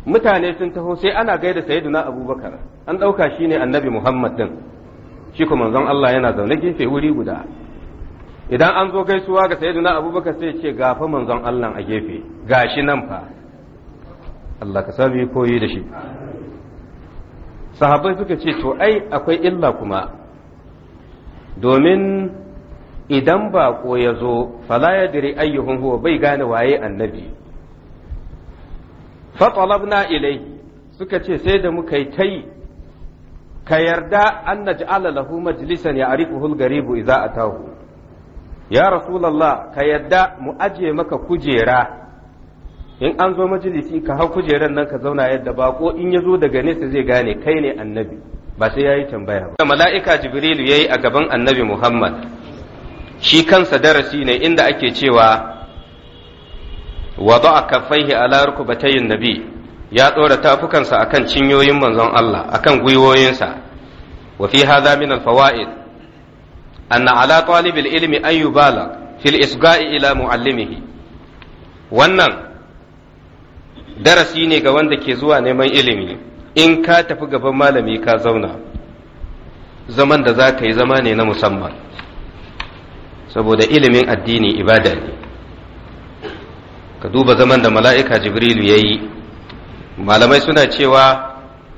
mutane sun taho sai ana gaida sayyiduna abubakar an ɗauka shi ne annabi muhammad din shi kuma manzon Allah yana zaune gefe wuri guda idan an zo gaisuwa ga sayyidina abubakar sai ce ga fa manzon Allah a gefe gashi nan fa Allah ka sami koyi da shi sahabbai suka ce to ai akwai illa kuma domin idan ba ya zo fala ya dire ayyuhun huwa bai gane waye annabi fa talabna ilai suka ce sai da muka yi ta ka yarda an na ja'ala lahu majlisan ya'rifuhu al-garibu a atahu ya rasulullah ka yarda mu ajiye maka kujera in an zo majalisi ka hau kujeran nan ka zauna yadda bako in ya zo daga nesa zai gane kai ne annabi ba sai yayi tambaya ba mala'ika jibrilu yi a gaban annabi muhammad shi kansa darasi ne inda ake cewa wada'a kaffaihi ala rukbatayin nabi ya ɗora tafukansa akan cinyoyin manzon Allah akan gwiwoyinsa wa fi hadha min al-fawaid anna ala talib al-ilmi an yubala fil isga'i ila muallimihi wannan darasi ne ga wanda ke zuwa neman ilimi in ka tafi gaban malami ka zauna zaman da za ka yi zama ne na musamman saboda ilimin addini ibada ne ka duba zaman da mala'ika jibrilu ya yi malamai suna cewa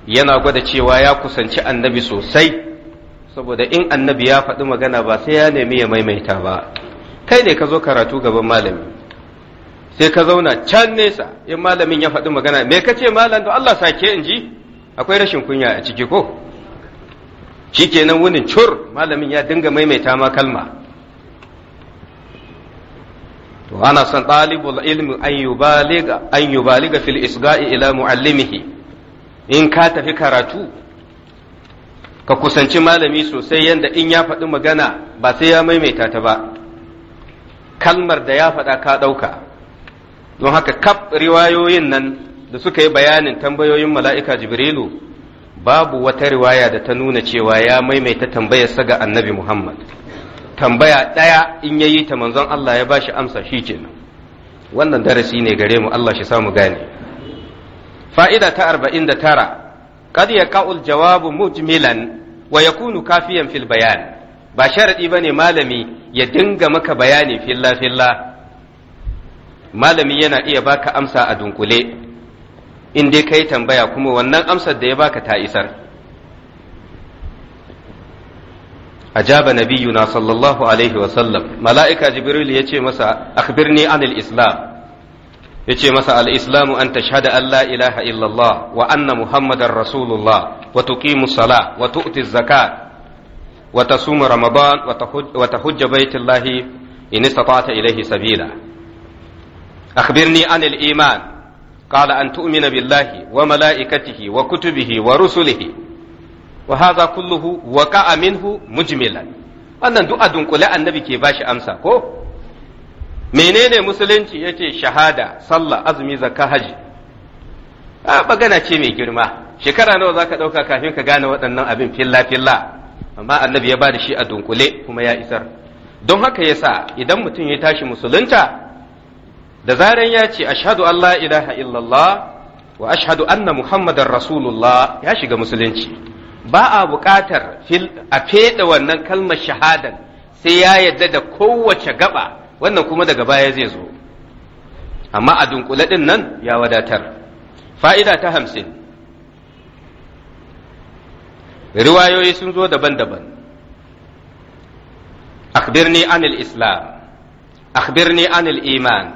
yana gwada cewa ya kusanci annabi sosai saboda in annabi ya faɗi magana ba sai ya nemi ya maimaita ba kai ne ka zo karatu gaban malami sai ka zauna can nesa in malamin ya faɗi magana me ka ce malam to Allah sake in ji akwai rashin kunya a ciki ko Shi shikenan wunin cur malamin ya dinga maimaita ma kalma to ana son ɗalibul ilmi an yubaliga an yubaliga fil isga'i ila muallimihi in ka tafi karatu ka kusanci malami sosai yanda in ya faɗi magana ba sai ya maimaita ta ba kalmar da ya faɗa ka ɗauka don haka kaf riwayoyin nan da suka yi bayanin tambayoyin mala'ika jibrilu babu wata riwaya da ta nuna cewa ya maimaita tambayarsa ga annabi muhammad tambaya ɗaya in yayi ta manzon Allah ya bashi amsa shi kenan wannan darasi ne gare mu Allah shi samu gane fa'ida ta arba'in da tara qad yaqa'ul jawabu mujmilan wa yakunu kafiyan fil bayan ba sharadi bane malami ya dinga maka bayani filla filla malami yana iya baka amsa a dunkule in dai kai tambaya kuma wannan amsar da ya baka ta isar ajaba nabiyuna sallallahu alaihi wa sallam mala'ika jibril ya ce masa akhbirni anil islam ya ce masa al-islamu an tashhada an la ilaha illallah wa anna Muhammadan rasulullah wa tuqimu salah wa tu'ti zakat wa tasuma ramadan wa tahujja baitullahi in istata'ta sabila akhbirni iman qala an tu'mina billahi wa malaikatihi wa kutubihi wa wa hadha kulluhu waqa'a minhu mujmilan wannan a dunkule annabi ke bashi amsa ko menene musulunci yace shahada sallah azumi zakka haji a ah, magana ce mai girma shekara nawa zaka ɗauka kafin ka gane waɗannan abin filla filla amma annabi ya bada shi a dunkule kuma ya isar don haka yasa idan mutum ya tashi musulunta da zaran ya ce ashhadu an la ilaha illallah wa ashhadu anna muhammadar rasulullah ya shiga musulunci ba a buƙatar a feɗe wannan kalmar shahadan sai ya yadda da kowace gaba wannan kuma daga baya zai zo amma a dunkule ɗin nan ya wadatar fa'ida ta hamsin riwayoyi sun zo daban-daban akhbirni anil islam akhbirni anil iman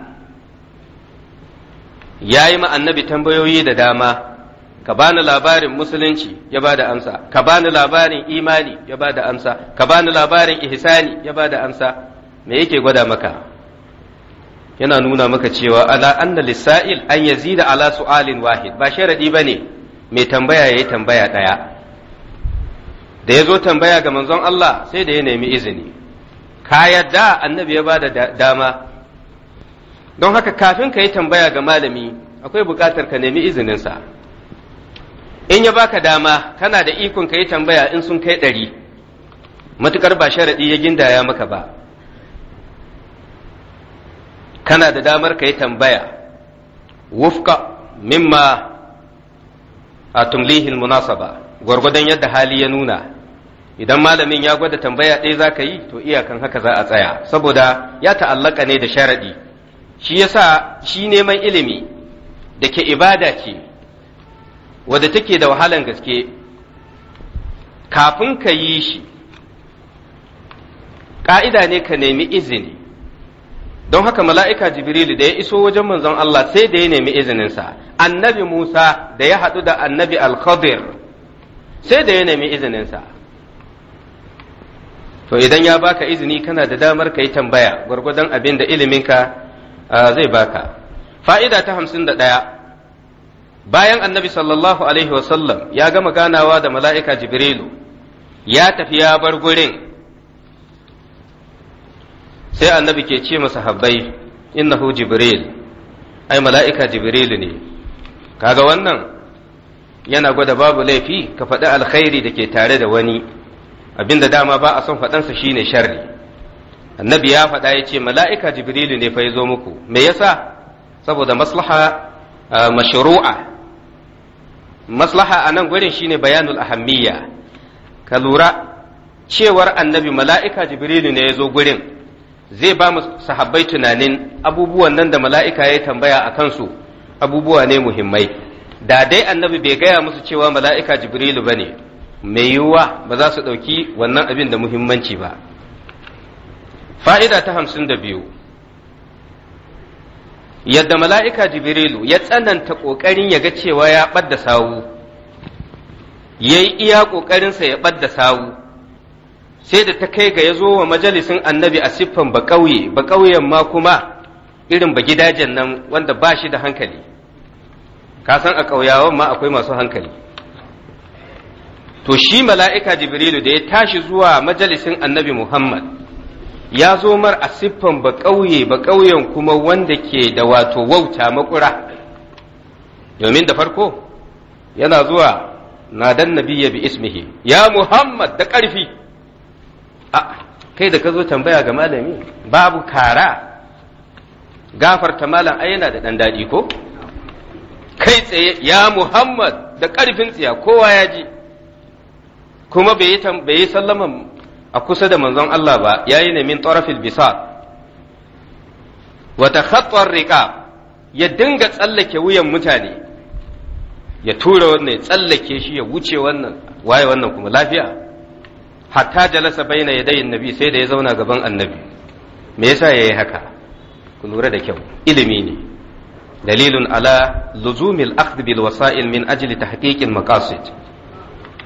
ya yi ma annabi tambayoyi da dama ka bani labarin musulunci ya bada amsa ka bani labarin imani ya bada amsa ka bani labarin ihsani ya bada amsa me yake gwada maka yana nuna maka cewa ala anna lisa'il an yazida ala su'alin wahid ba sharadi bane mai tambaya yayi tambaya daya da ya zo tambaya ga manzon Allah sai da ya nemi izini ka yadda annabi ya bada dama don haka kafin ka yi tambaya ga malami akwai buƙatar ka nemi izininsa in ya baka dama kana da ikon ka yi tambaya in sun kai ɗari matukar ba sharaɗi ya gindaya maka ba kana da damar ka yi tambaya wufka mimma a tumlihil munasaba gwargwadon yadda hali ya nuna idan malamin ya gwada tambaya ɗaya za ka yi to iyakan haka za a tsaya saboda ya ta'allaka ne da sharaɗi shi yasa shi neman ilimi da ke ibada ce wadda take da wahalan gaske kafin ka yi shi ƙa'ida ne ka nemi izini don haka mala'ika jibrilu da ya iso wajen manzon Allah sai da ya nemi izininsa annabi Musa da ya haɗu da annabi al-Khadir sai da ya nemi izininsa to idan ya baka izini kana da damar ka yi tambaya gwargwadon abin da iliminka ah, zai baka fa'ida ta hamsin da ɗaya bayan annabi sallallahu alaihi wasallam ya gama ganawa da mala'ika jibrilu ya tafi ya bar gurin sai annabi ke ce masa habbai innahu jibril ai mala'ika jibrilu ne kaga wannan yana gwada babu laifi ka faɗi alkhairi da ke tare da wani abinda dama ba a son faɗansa shine sharri annabi ya faɗa ya ce mala'ika jibrilu ne fa ya zo muku me yasa saboda maslaha ah, mashru'a maslaha a nan gurin shine bayanul ahammiya ka lura cewar annabi mala'ika jibrilu ne ya zo gurin zai ba mu sahabbai tunanin abubuwan nan da mala'ika ya tambaya a kansu abubuwa ne muhimmai da dai annabi bai gaya musu cewa mala'ika jibrilu ba ne mai yiwuwa ba za su ɗauki wannan abin da muhimmanci ba fa'ida ta hamsin da biyu yadda mala'ika jibrilu ya tsananta ƙoƙarin ya ga cewa ya ɓadda sawu ya yi iya ƙoƙarinsa ya ɓadda sawu sai da ta kai ga ya zo wa majalisin annabi a siffan ba ƙauye ba ƙauyen ma kuma irin ba gidajen nan wanda ba shi da hankali ka san a ƙauyawan ma akwai masu hankali to shi mala'ika jibrilu da ya tashi zuwa majalisin annabi muhammad ya zo mar a siffan ba ƙauye ba ƙauyen kuma wanda ke da wato wauta makura domin da farko yana zuwa na dan nabiya bi ismihi ya muhammad da ƙarfi a kai da ka zo tambaya ga malami babu kara gafarta malam ai yana da ɗan daɗi ko kai tsaye ya muhammad da ƙarfin tsiya kowa ya ji kuma bai yi sallaman a kusa da manzon Allah ba yayi ne min tarafil bisa. Wata takhattar riƙa ya dinga tsallake wuyan mutane ya tura wannan ya tsallake shi ya wuce wannan waye wannan kuma lafiya hatta jalasa baina yadayi annabi sai da ya zauna gaban annabi me yasa yayi haka ku lura da kyau ilimi ne dalilun ala luzumil akhdh bil wasa'il min ajli tahqiqil maqasid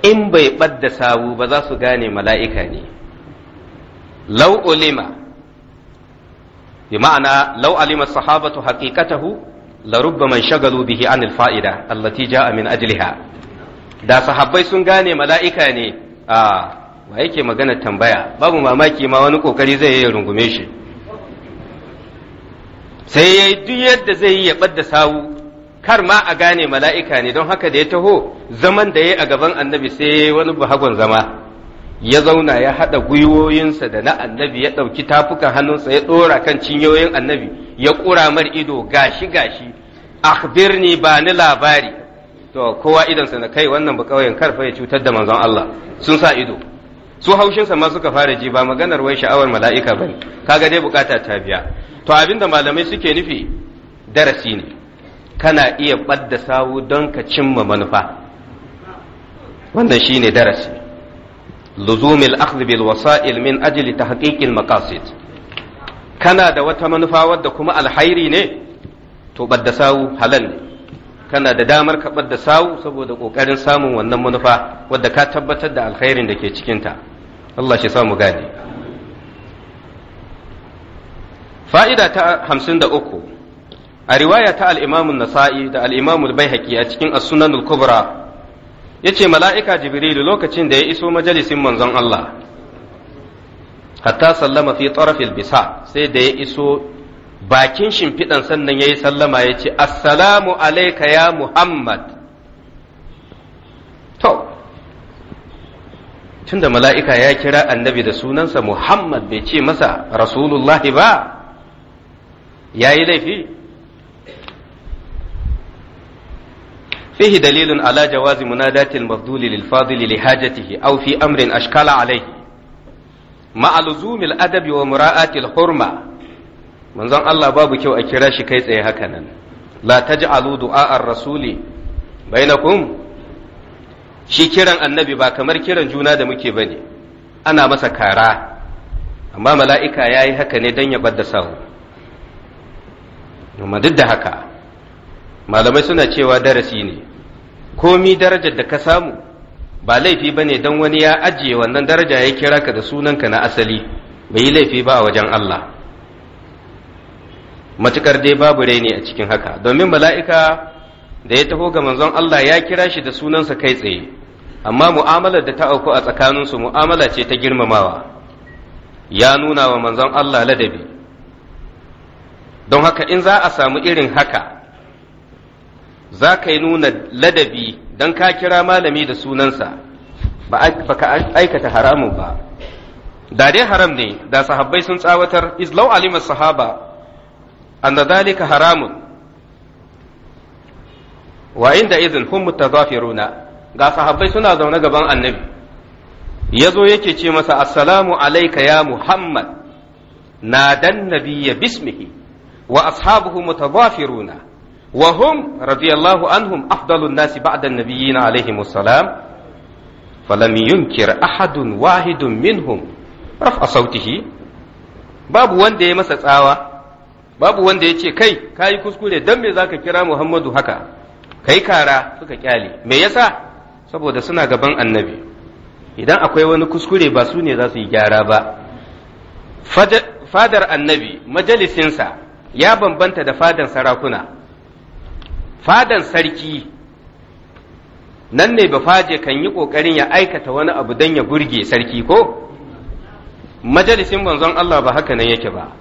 in bai ɓadda sawu ba za su gane mala'ika ne law ulima bi ma'ana law alima sahabatu haqiqatahu la rubbama shagalu bihi anil fa'ida allati ja'a min ajliha da sahabbai sun gane mala'ika ne a wa yake magana tambaya babu mamaki ma wani kokari zai yi rungume shi sai yayi duk yadda zai yi ya badda sawu kar ma a gane mala'ika ne don haka da ya taho zaman da ya a gaban annabi sai wani hagon zama ya zauna ya haɗa gwiwoyinsa da na annabi ya ɗauki tafukan hannunsa ya ɗora kan cinyoyin annabi ya ƙura mar ido gashi gashi akhbirni ba ni labari to kowa idonsa na kai wannan ba kawai karfa ya cutar da manzon Allah sun sa ido su haushinsa ma suka fara ji ba maganar wai sha'awar mala'ika bane kaga dai bukata ta biya to abinda malamai suke nufi darasi ne kana iya ɓadda sawu don ka cimma manufa wannan shine darasi luzumil akhdh bil wasa'il min ta tahqiqil maqasid kana da wata manufa wadda kuma alhairi ne to badda sawu halal ne kana da damar ka da sawu saboda ƙoƙarin samun wannan manufa wadda ka tabbatar da alkhairin da ke cikinta Allah shi samu gane fa'ida ta hamsin da uku a riwaya ta al'imamun nasa'i da al'imamun bai a cikin as-sunan kubra Ya ce mala'ika jibrilu lokacin da ya iso majalisin manzon Allah hatta sallama fi tarafil bisa sai da ya iso bakin shimfiɗan sannan yayi sallama ya ci, assalamu alaika ya muhammad to tunda mala'ika ya kira annabi da sunansa muhammad bai ce masa rasulullahi ba yayi laifi fihi dalilun ala jawazi munadati al-mafduli lil fadili li hajatihi aw fi amrin ashkala alayhi ma'a luzumil adabi wa mura'atil hurma manzon Allah babu kyau a kira shi kai tsaye haka nan la taj'alu du'a'ar rasuli bainakum shi kiran annabi ba kamar kiran juna da muke bane ana masa kara amma mala'ika yayi haka ne dan ya da sahu amma duk da haka malamai suna cewa darasi ne komi darajar da ka samu ba laifi ba ne don wani ya ajiye wannan daraja ya kira ka da sunanka na asali bai yi laifi ba a wajen Allah matukar dai babu raini a cikin haka domin mala'ika da ya taho ga manzon Allah ya kira shi da sunansa kai tsaye amma mu'amalar da ta auku a tsakaninsu mu'amala ce ta girmamawa ya nuna wa manzon Allah ladabi don haka in za a samu irin haka za ka yi nuna ladabi don ka kira malami da sunansa ba ka aikata haramun ba da dai haram ne da sahabbai sun tsawatar izlau alimar sahaba anna zalika haramun wa inda izin hum mutazafiruna ga sahabbai suna zaune gaban annabi Ya zo yake ce masa assalamu alaika ya muhammad nadan nabiyya bismihi wa ashabuhu mutazafiruna wa hum radiyallahu anhum afdalun nasi ba'da nabiyina alaihim salam falam yunkir ahadun wahidun minhum rafa sautihi babu wanda ya masa tsawa babu wanda ya ce kai kayi kuskure don me zaka kira Muhammadu haka kai kara suka kyale me yasa saboda suna gaban annabi idan akwai wani kuskure ba su ne za su yi gyara ba fadar annabi majalisinsa ya bambanta da fadan sarakuna fadan sarki nan ne bafaje kan yi ƙoƙarin ya aikata wani abu don ya burge sarki ko majalisin manzon Allah ba haka nan yake ba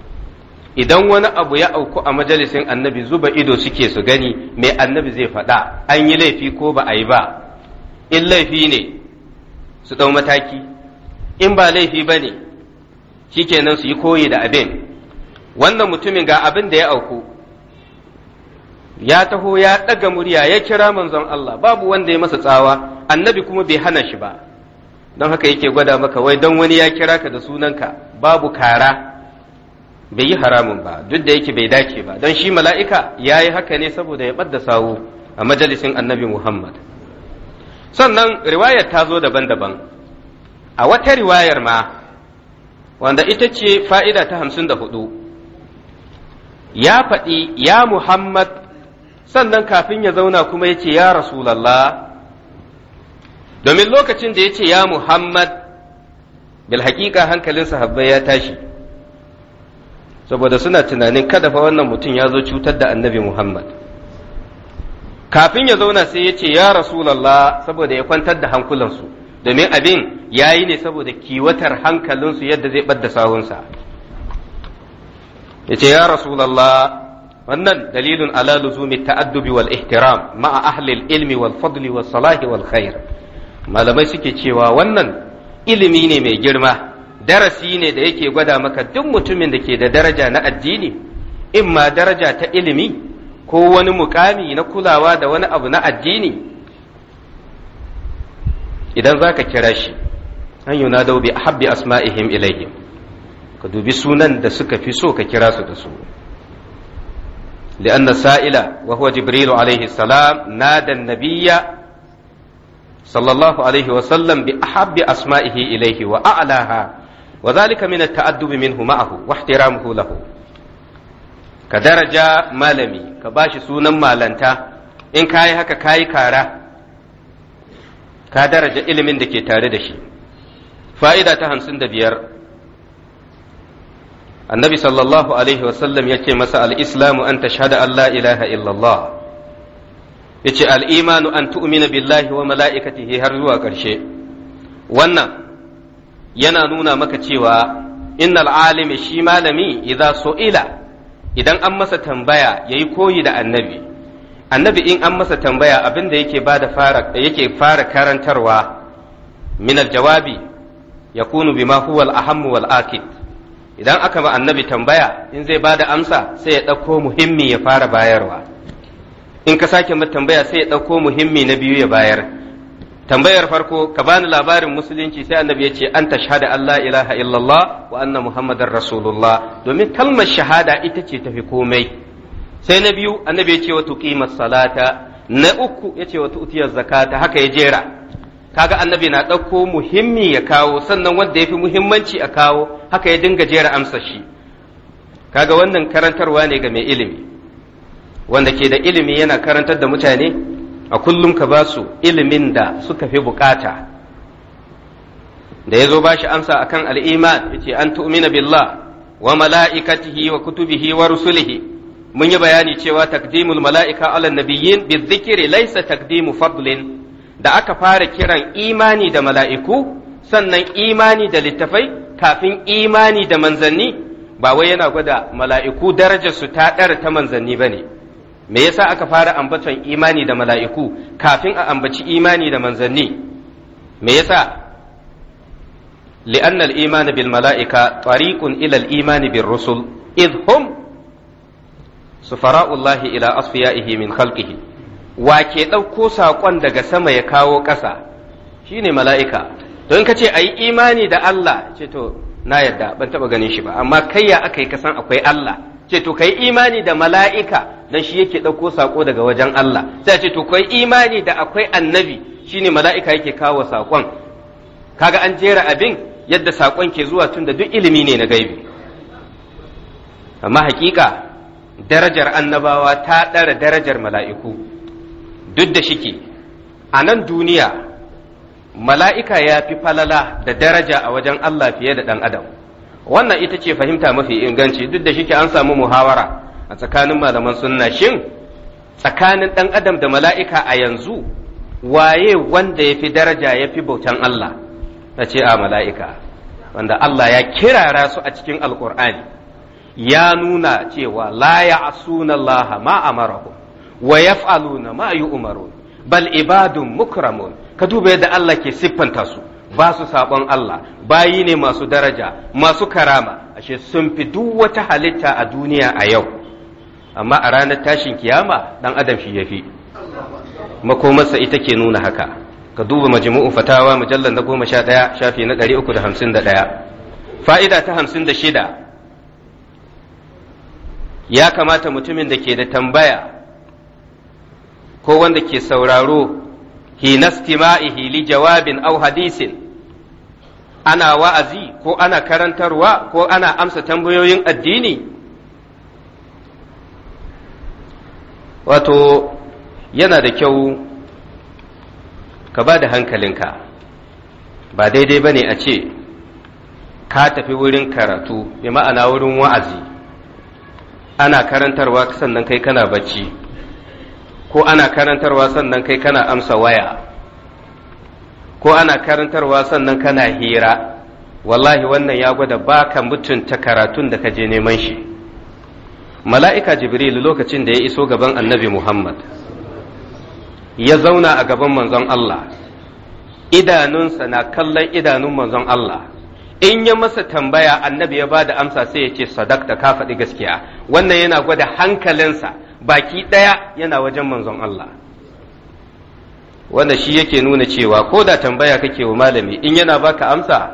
idan wani abu ya auku a majalisin annabi zuba ido suke su gani mai annabi zai faɗa an yi laifi ko ba a yi ba in laifi ne su ɗau mataki in ba laifi ba ne shikenan su yi koyi da abin wannan mutumin ga abin da ya auku ya taho ya ɗaga murya ya kira manzon Allah babu wanda ya masa tsawa annabi kuma bai hana shi ba don haka yake gwada maka wai don wani ya kira ka da sunanka babu kara bai yi haramun ba duk da yake bai dace ba don shi mala'ika ya yi haka ne saboda ya ɓadda sawu a majalisin annabi Muhammad sannan riwayar ta zo daban-daban a wata riwayar ma wanda ita ce fa'ida ta hamsin da hudu ya faɗi ya Muhammad sannan kafin ya zauna kuma ya ce ya rasulallah domin lokacin da ya ce ya muhammad bil haƙiƙa hankalin sahabbai ya tashi saboda suna tunanin kada fa wannan mutum ya zo cutar da annabi muhammad kafin ya zauna sai ya ce ya rasulallah saboda ya kwantar da hankulansu domin abin ya yi ne saboda kiwatar hankalinsu yadda zai ɓadda sawunsa ya ce ya rasulallah wannan dalilun ala luzumi ta'addubi wal ihtiram ma'a ahlil ilmi wal fadli was salahi wal khair malamai suke cewa wannan ilimi ne mai girma darasi ne da yake gwada maka duk mutumin da ke da daraja na addini in ma daraja ta ilimi ko wani mukami na kulawa da wani abu na addini idan za ka kira shi an yi na bi a habbi asma'ihim ilayhim ka dubi sunan da suka fi so ka kira su da su لأن السائل وهو جبريل عليه السلام نادى النبي صلى الله عليه وسلم بأحب أسمائه إليه وأعلاها وذلك من التأدب منه معه واحترامه له كدرجة مالمي كباش سونا مالنتا إن كاي هكا كاي كارا كدرجة إلي من دكي تاردشي فإذا تهن سند بير annabi sallallahu alaihi wasallam ya ce masa al'islamu an tashhada an la ilaha illallah ya ce al'imanu an tu'umina billahi wa mala'ikatihi har zuwa ƙarshe wannan yana nuna maka cewa innal alimi shi malami za so ila idan an masa tambaya yayi koyi da annabi annabi in an masa tambaya abin da yake bada fara yake fara karantarwa min aljawabi yakunu bi huwa al-aham wal akid idan aka ba annabi tambaya in zai bada amsa sai ya ɗauko muhimmi ya fara bayarwa in ka sake mata tambaya sai ya ɗauko muhimmi na biyu ya bayar tambayar farko ka bani labarin musulunci sai annabi ya ce an shahada Allah ilaha illallah wa anna muhammadar rasulullah domin kalmar shahada ita ce tafi komai sai na biyu annabi ya ce wa tuqimas salata na uku ya ce wa tu'tiyaz zakata haka ya jera kaga annabi na ɗauko muhimmi ya kawo sannan wanda ya fi muhimmanci a kawo haka ya dinga jera amsa shi kaga wannan karantarwa ne ga mai ilimi wanda ke da ilimi yana karantar da mutane a kullum ka ba su ilimin da suka fi bukata da ya zo ba shi amsa a kan al'iman ce an tu'mina billah wa mala'ikatihi wa kutubihi wa rusulihi mun yi bayani cewa takdimul mala'ika ala nabiyyin zikiri laisa takdimu fadlin da aka fara kiran imani da mala'iku sannan imani da littafai kafin imani da manzanni ba wai yana gwada mala'iku darajarsu ta ɗara ta manzanni ba ne me yasa aka fara ambaton imani da mala'iku kafin a ambaci imani da manzanni me yasa li'anna al-iman bil mala'ika tariqun ila al-iman bir rusul idhum sufara'ullahi ila asfiya'ihi min khalqihi wa ke ɗauko saƙon daga sama ya kawo ƙasa shine mala'ika don ka ce a yi imani da Allah ce to na yarda ban taba ganin shi ba amma kai ya aka yi kasan akwai Allah ce to kai imani da mala'ika dan shi yake ɗauko sako daga wajen Allah sai ce to kai imani da akwai annabi shine mala'ika yake kawo sakon kaga an jera abin yadda sakon ke zuwa tun da duk ilimi ne na gaibi amma hakika darajar annabawa ta ɗara darajar mala'iku duk da shike a nan duniya mala'ika ya fi falala da daraja a wajen Allah fiye da ɗan adam wannan ita ce fahimta mafi inganci duk da shike an samu muhawara a tsakanin malaman sunna shin tsakanin ɗan adam da mala'ika a yanzu waye wanda ya fi daraja ya fi bautan Allah ta ce a mala'ika wanda Allah ya kirara su a cikin alƙur'ani ya nuna cewa la ya asuna Allah ma amarahu wa yaf'aluna ma yu'marun bal ibadun mukramun ka duba yadda Allah ke siffanta su ba su sabon Allah bayi ne masu daraja masu karama ashe sun fi duk wata halitta a duniya a yau amma a ranar tashin kiyama dan adam shi yafi makomarsa ita ke nuna haka ka duba majmu'u fatawa mujallar na goma sha ɗaya shafi na ɗari uku da hamsin da ɗaya fa'ida ta hamsin da shida ya kamata mutumin da ke da tambaya ko wanda ke sauraro hinastima'ihi li jawabin au hadisin ana wa'azi ko ana karantarwa ko ana amsa tambayoyin addini wato yana da kyau ka ba da hankalinka ba daidai ba ne a ce ka tafi wurin karatu bi ma'ana wurin wa'azi ana karantarwa sannan kai kana bacci ko ana karantarwa sannan kai kana amsa waya ko ana karantarwa sannan kana hira wallahi wannan ya gwada baka mutunta karatun da ka je neman shi mala'ika jibril lokacin da ya iso gaban annabi muhammad ya zauna a gaban manzon allah idanunsa na kallon idanun manzon allah in ya masa tambaya annabi ya ba da amsa sai ya ce sadakta ka faɗi gaskiya wannan yana gwada hankalinsa baki ɗaya yana wajen manzon Allah wanda shi yake nuna cewa ko da tambaya kake wa malami in yana baka amsa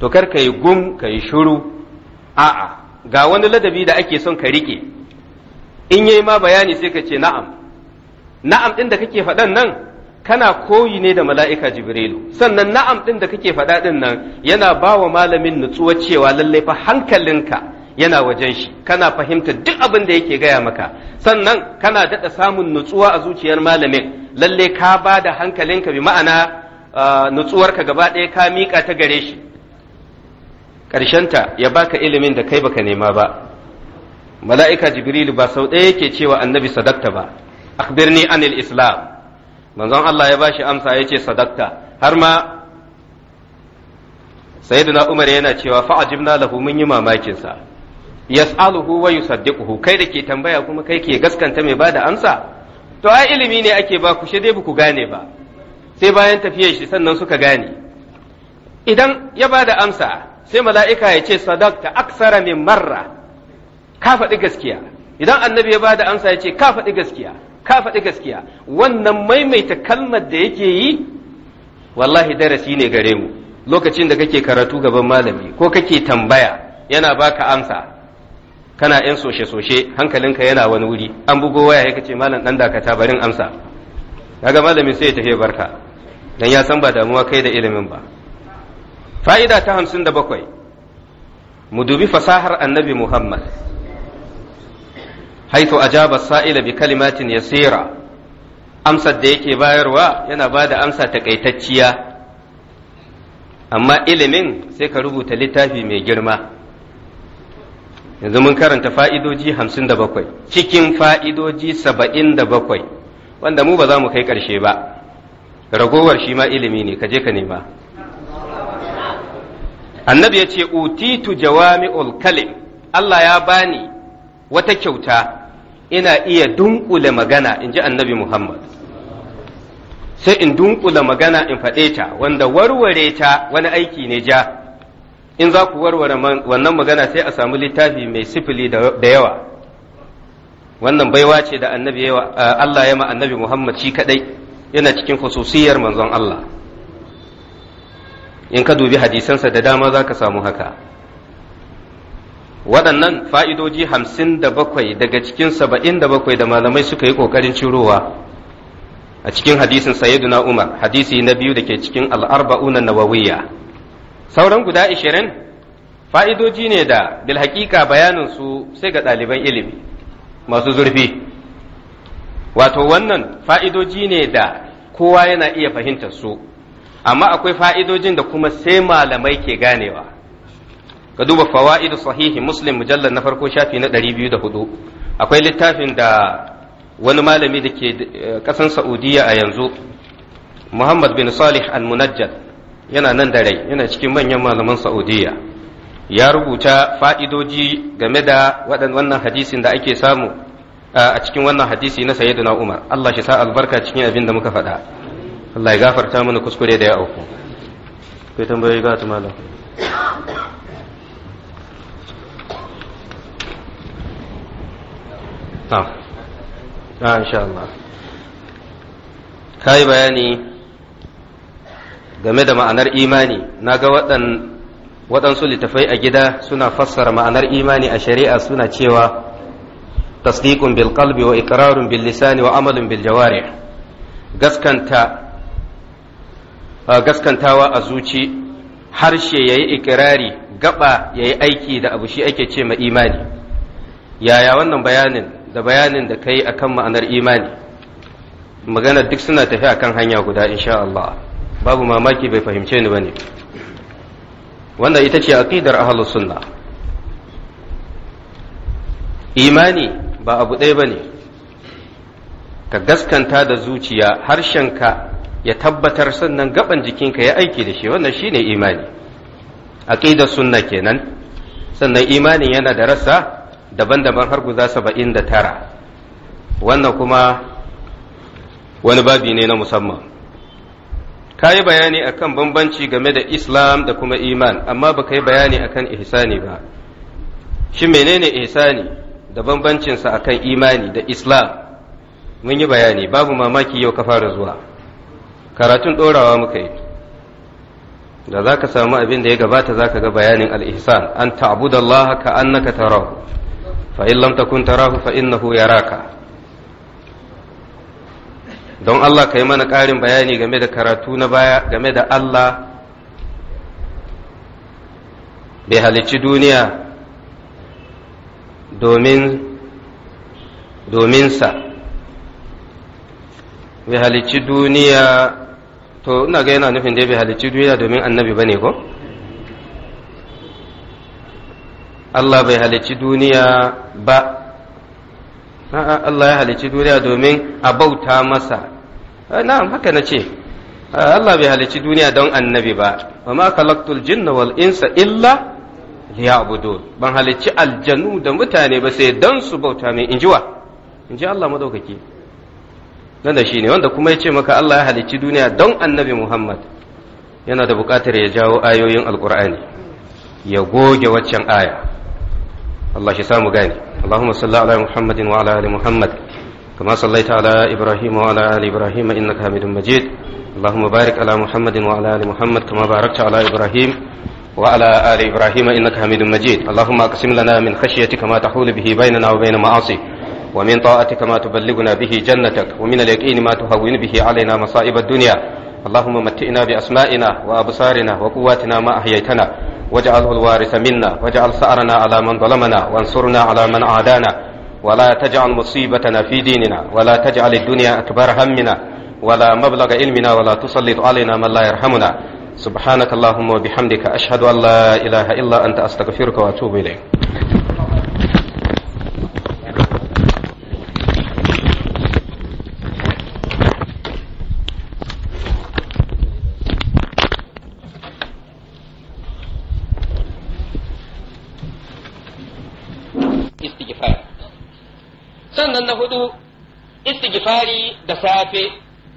to kar ka yi gum ka yi shuru a'a ga wani ladabi da ake son ka rike in yayi ma bayani sai ka ce na'am na'am ɗin da kake faɗan nan kana koyi ne da mala'ika jibrilu sannan na'am ɗin da kake faɗa ɗin nan yana ba wa malamin nutsuwa cewa lallai fa hankalinka yana wajen shi kana fahimta duk abin da yake gaya maka sannan kana daɗa samun nutsuwa a zuciyar malamin lalle ka ba da hankalinka bi ma'ana nutsuwarka gaba ɗaya ka miƙa ta gare shi ta ya baka ilimin da kai baka nema ba mala'ika jibrilu ba sau ɗaya yake cewa annabi sadakta ba akhbirni anil islam manzon Allah ya bashi amsa yace sadakta har ma sayyidina umar yana cewa fa ajibna lahu mun yi mamakin sa yas'aluhu wa yusaddiquhu kai da ke tambaya kuma kai ke gaskanta mai bada amsa to ai ilimi ne ake ba ku shi dai ku gane ba sai bayan tafiyar shi sannan suka gane idan ya bada amsa sai mala'ika ya ce sadaqta aksara min marra ka faɗi gaskiya idan annabi ya bada amsa ya ce ka faɗi gaskiya ka faɗi gaskiya wannan maimaita kalmar da yake yi wallahi darasi ne gare mu lokacin da kake karatu gaban malami ko kake tambaya yana baka amsa kana yan soshe-soshe hankalinka yana wani wuri an bugo waya ya ce malam dan dakata barin amsa kaga malami sai ya tafi barka dan ya san ba damuwa kai da ilimin ba fa'ida ta hamsin da bakwai mu dubi fasahar annabi muhammad haitu ajaba sa'ila bi kalimatin yasira amsar da yake bayarwa yana ba da amsa takaitacciya amma ilimin sai ka rubuta littafi mai girma yanzu mun karanta fa'idoji hamsin da bakwai cikin fa'idoji saba'in da bakwai wanda mu ba za mu kai ƙarshe ba ragowar shi ma ilimi ne ka je ka nema annabi ya ce utitu jawami'ul kalim Allah ya bani wata kyauta ina iya dunkule magana in ji annabi Muhammad sai in dunkule magana in faɗe ta wanda warware ta wani aiki ne ja in za ku warware wannan magana sai a samu littafi mai sifili da yawa wannan baiwa ce da annabi yawa Allah ya ma annabi Muhammad shi kadai yana cikin khususiyar manzon Allah in ka dubi hadisansa da dama za ka samu haka waɗannan fa'idoji hamsin da bakwai daga cikin saba'in da bakwai da malamai suka yi ƙoƙarin cirowa a cikin hadisin sayyiduna umar hadisi na biyu da ke cikin al'arba'unan nawawiyya sauran guda ishirin fa'idoji ne da bilhaƙiƙa bayaninsu sai ga ɗaliban ilimi masu zurfi wato wannan fa'idoji ne da kowa yana iya fahimtar su amma akwai fa'idojin da kuma sai malamai ke ganewa ka duba fawa'idu sahihi muslim mujallar na farko shafi na 204 akwai littafin da wani malami da ke eh, ƙasan saudiya a yanzu muhammad bin salih al-munajjad yana nan da rai yana cikin manyan malaman Saudiya ya rubuta fa'idoji game da wannan hadisin da ake samu a cikin wannan hadisi na sayyiduna Umar Allah shi sa albarka cikin abin da muka faɗa Allah ya gafarta mana kuskure da ya auku kai tambayoyi ga malam ta insha Allah. Kai bayani game da ma'anar imani na ga waɗansu littafai a gida suna fassara ma'anar imani a shari'a suna cewa tasdikun bil wa iqrarun bil lisani wa amalun bil jawari gaskanta gaskantawa a zuci harshe yayi ikirari gaba yayi aiki da abu shi ake ce imani yaya wannan bayanin da bayanin da kai akan ma'anar imani maganar duk suna tafi kan hanya guda insha Allah babu mamaki bai fahimce ni bane wanda ita ce aqidar ahlus sunna imani ba abu ɗaya bane ka gaskanta da zuciya harshenka ya tabbatar sannan gaban jikinka ya aiki da shi wannan shine imani aqidar sunna kenan sannan imanin yana da rassa daban-daban har guda saba'in da tara wannan kuma wani babi ne na musamman ka yi bayani akan bambanci game da islam da kuma iman amma ba ka yi bayani akan ihsani ba shi menene ihsani da bambancinsa akan imani da islam mun yi bayani babu mamaki yau ka fara zuwa karatun ɗorawa muka yi da za ka samu abin da ya gabata za ka ga bayanin al'ihsan an ta'budallaha ka annaka tarahu fa in lam takun tarahu fa innahu yaraka don Allah ka yi mana ƙarin bayani game da karatu na baya game da Allah bai halicci duniya domin sa bai halicci duniya to ina ga yana nufin da bai halicci duniya domin annabi ba ne ko? Allah bai halicci duniya ba a'a Allah ya halicci duniya domin a bauta masa eh, na'am haka na ce eh, Allah bai halicci duniya don annabi ba wa ma khalaqtul jinna wal insa illa liya'budun ban halicci aljanu da mutane ba sai don su bauta mai injiwa inji Allah madaukaki nan da shine wanda kuma ya ce maka Allah ya halicci duniya don annabi Muhammad yana da buƙatar ya jawo ayoyin alƙur'ani ya goge waccan aya Allah shi samu gane اللهم صل على محمد وعلى ال محمد كما صليت على ابراهيم وعلى ال ابراهيم انك حميد مجيد اللهم بارك على محمد وعلى ال محمد كما باركت على ابراهيم وعلى ال ابراهيم انك حميد مجيد اللهم اقسم لنا من خشيتك ما تحول به بيننا وبين معاصيك ومن طاعتك ما تبلغنا به جنتك ومن اليقين ما تهون به علينا مصائب الدنيا اللهم متئنا بأسمائنا وأبصارنا وقواتنا ما أحييتنا واجعله الوارث منا واجعل ثأرنا على من ظلمنا وانصرنا على من عادانا ولا تجعل مصيبتنا في ديننا ولا تجعل الدنيا أكبر همنا ولا مبلغ علمنا ولا تسلط علينا من لا يرحمنا سبحانك اللهم وبحمدك أشهد أن لا إله إلا أنت أستغفرك وأتوب إليك istighfari da safe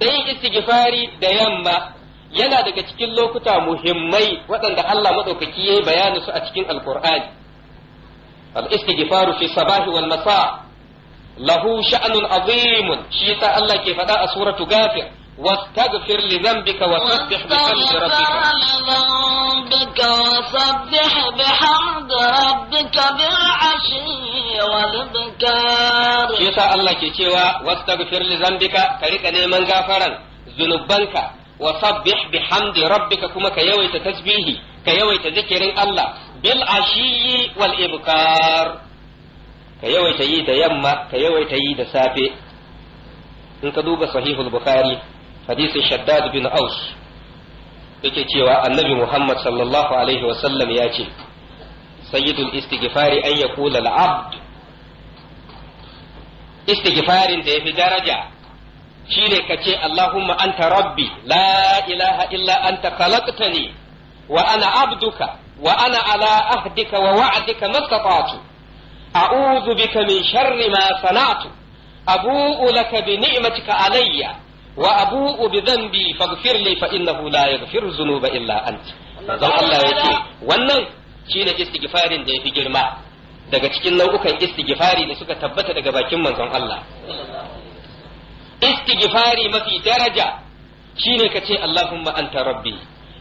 da yin istighfari da yamma yana daga cikin lokuta muhimmai waɗanda Allah maɗaukaki ya yi bayani su a cikin alkur'ani al-istighfaru fi sabahi wal masa lahu sha'anun azimun shi ta Allah ke faɗa a suratu gafir واستغفر لذنبك وسبح بحمد ربك وسبح بحمد ربك بالعشي والإبكار يسا الله كيكيوا واستغفر لذنبك كريك نيمان غافرا ذنوبانك وسبح بحمد ربك كما كيويت تتسبيه كيويت ذكر الله بالعشي والإبكار كيويت يي da yamma ka yawaita yi da صحيح البخاري hadisin shaddad bin aus yake cewa annabi muhammad sallallahu alaihi wasallam ya ce sayyidul istighfari an yaqula al-abd istighfarin da yafi daraja shine kace allahumma anta rabbi la ilaha illa anta khalaqtani wa ana abduka wa ana ala ahdika wa wa'dika mastata'tu a'udhu bika min sharri ma sana'tu abu'u laka bi ni'matika alayya wa abu'u bi dhanbi faghfir li fa innahu la yaghfiru dhunuba illa anta. manzon Allah yake wannan shine istighfarin da yafi girma daga cikin nau'ukan istighfari da suka tabbata daga bakin manzon Allah istighfari mafi daraja shine kace Allahumma anta rabbi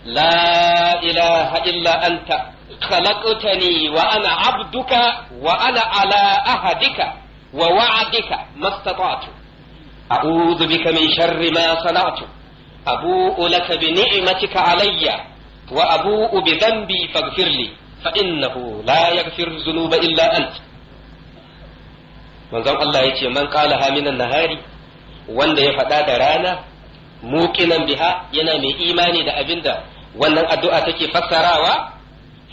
la ilaha illa anta khalaqtani wa ana abduka wa ana ala ahadika wa wa'adika mastata'tu a'udhu bika min sharri ma sana'tu abu'u laka bi ni'matika alayya wa abu'u bi dhanbi faghfirli fa innahu la yaghfiru illa manzon Allah ce man kala haminan nahari wanda ya faɗa da rana muqinan biha yana mai imani da abinda wannan addu'a take fassarawa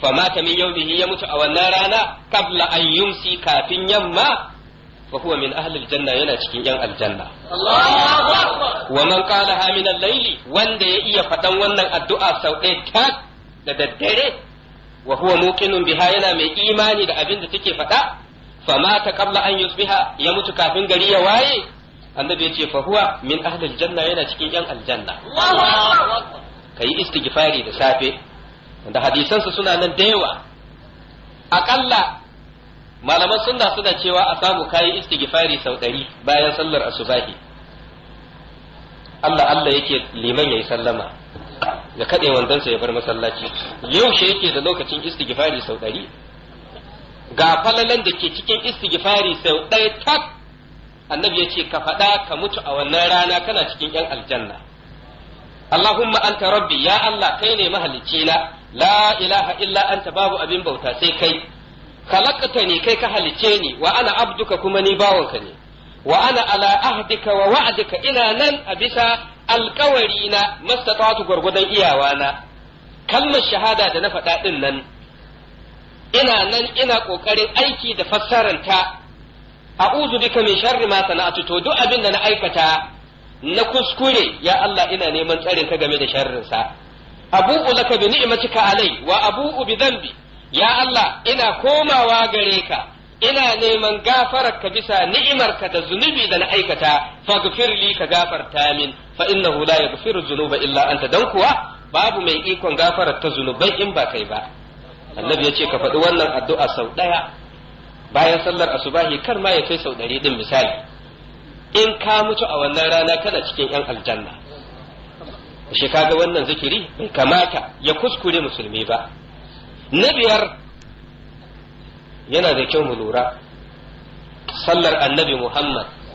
famata min yaumihi ya mutu a wannan rana kabla an yumsi kafin yamma fa huwa min ahli aljanna yana cikin yan aljanna wa man qalaha min al wanda ya iya faɗan wannan addu'a sau ɗaya tak da daddare wa huwa biha yana mai imani da abin da take faɗa famata qabla an biha ya mutu kafin gari ya waye annabi ya ce fa huwa min ahli aljanna yana cikin yan aljanna kai istighfari da safe da hadisansa suna nan da yawa akalla malaman sunna suna cewa a samu kayi istighfari sau ɗari bayan sallar asubahi Allah Allah yake liman yayi sallama ya kaɗe wandonsa ya bar masallaci yaushe yake da lokacin istighfari sau ɗari ga falalan da ke cikin istighfari sau ɗaya tak annabi ya ce ka faɗa ka mutu a wannan rana kana cikin yan aljanna Allahumma anta rabbi ya Allah kai ne mahalicci na la ilaha illa anta babu abin bauta sai kai khalaqta ni kai ka halice ni wa ana abduka kuma ni bawanka ne wa ana ala ahdika wa wa'dika ina nan a bisa alkawari na gwargwadon iyawa na. kalmar shahada da na faɗa din nan ina nan ina ƙoƙarin aiki da A a'udhu bika min sharri ma sana'atu to duk abin da na aikata na kuskure ya Allah ina neman tsarin ta game da sharrinsa abu'u laka bi ni'matika alai wa abu'u bi dhanbi ya Allah ina komawa gare ka ina neman ka bisa ni'imarka da zunubi da na aikata faghfir li ka gafarta min fa innahu la yaghfiru dhunuba illa anta dan kuwa babu mai ikon gafarar ta zunubai in ba kai ba annabi ya ce ka faɗi wannan addu'a sau ɗaya bayan sallar asubahi kar ma ya kai sau ɗari din misali in ka mutu a wannan rana kana cikin yan aljanna shi kaga wannan zikiri bai kamata ya kuskure musulmi ba na biyar yana da kyau mu lura sallar annabi muhammad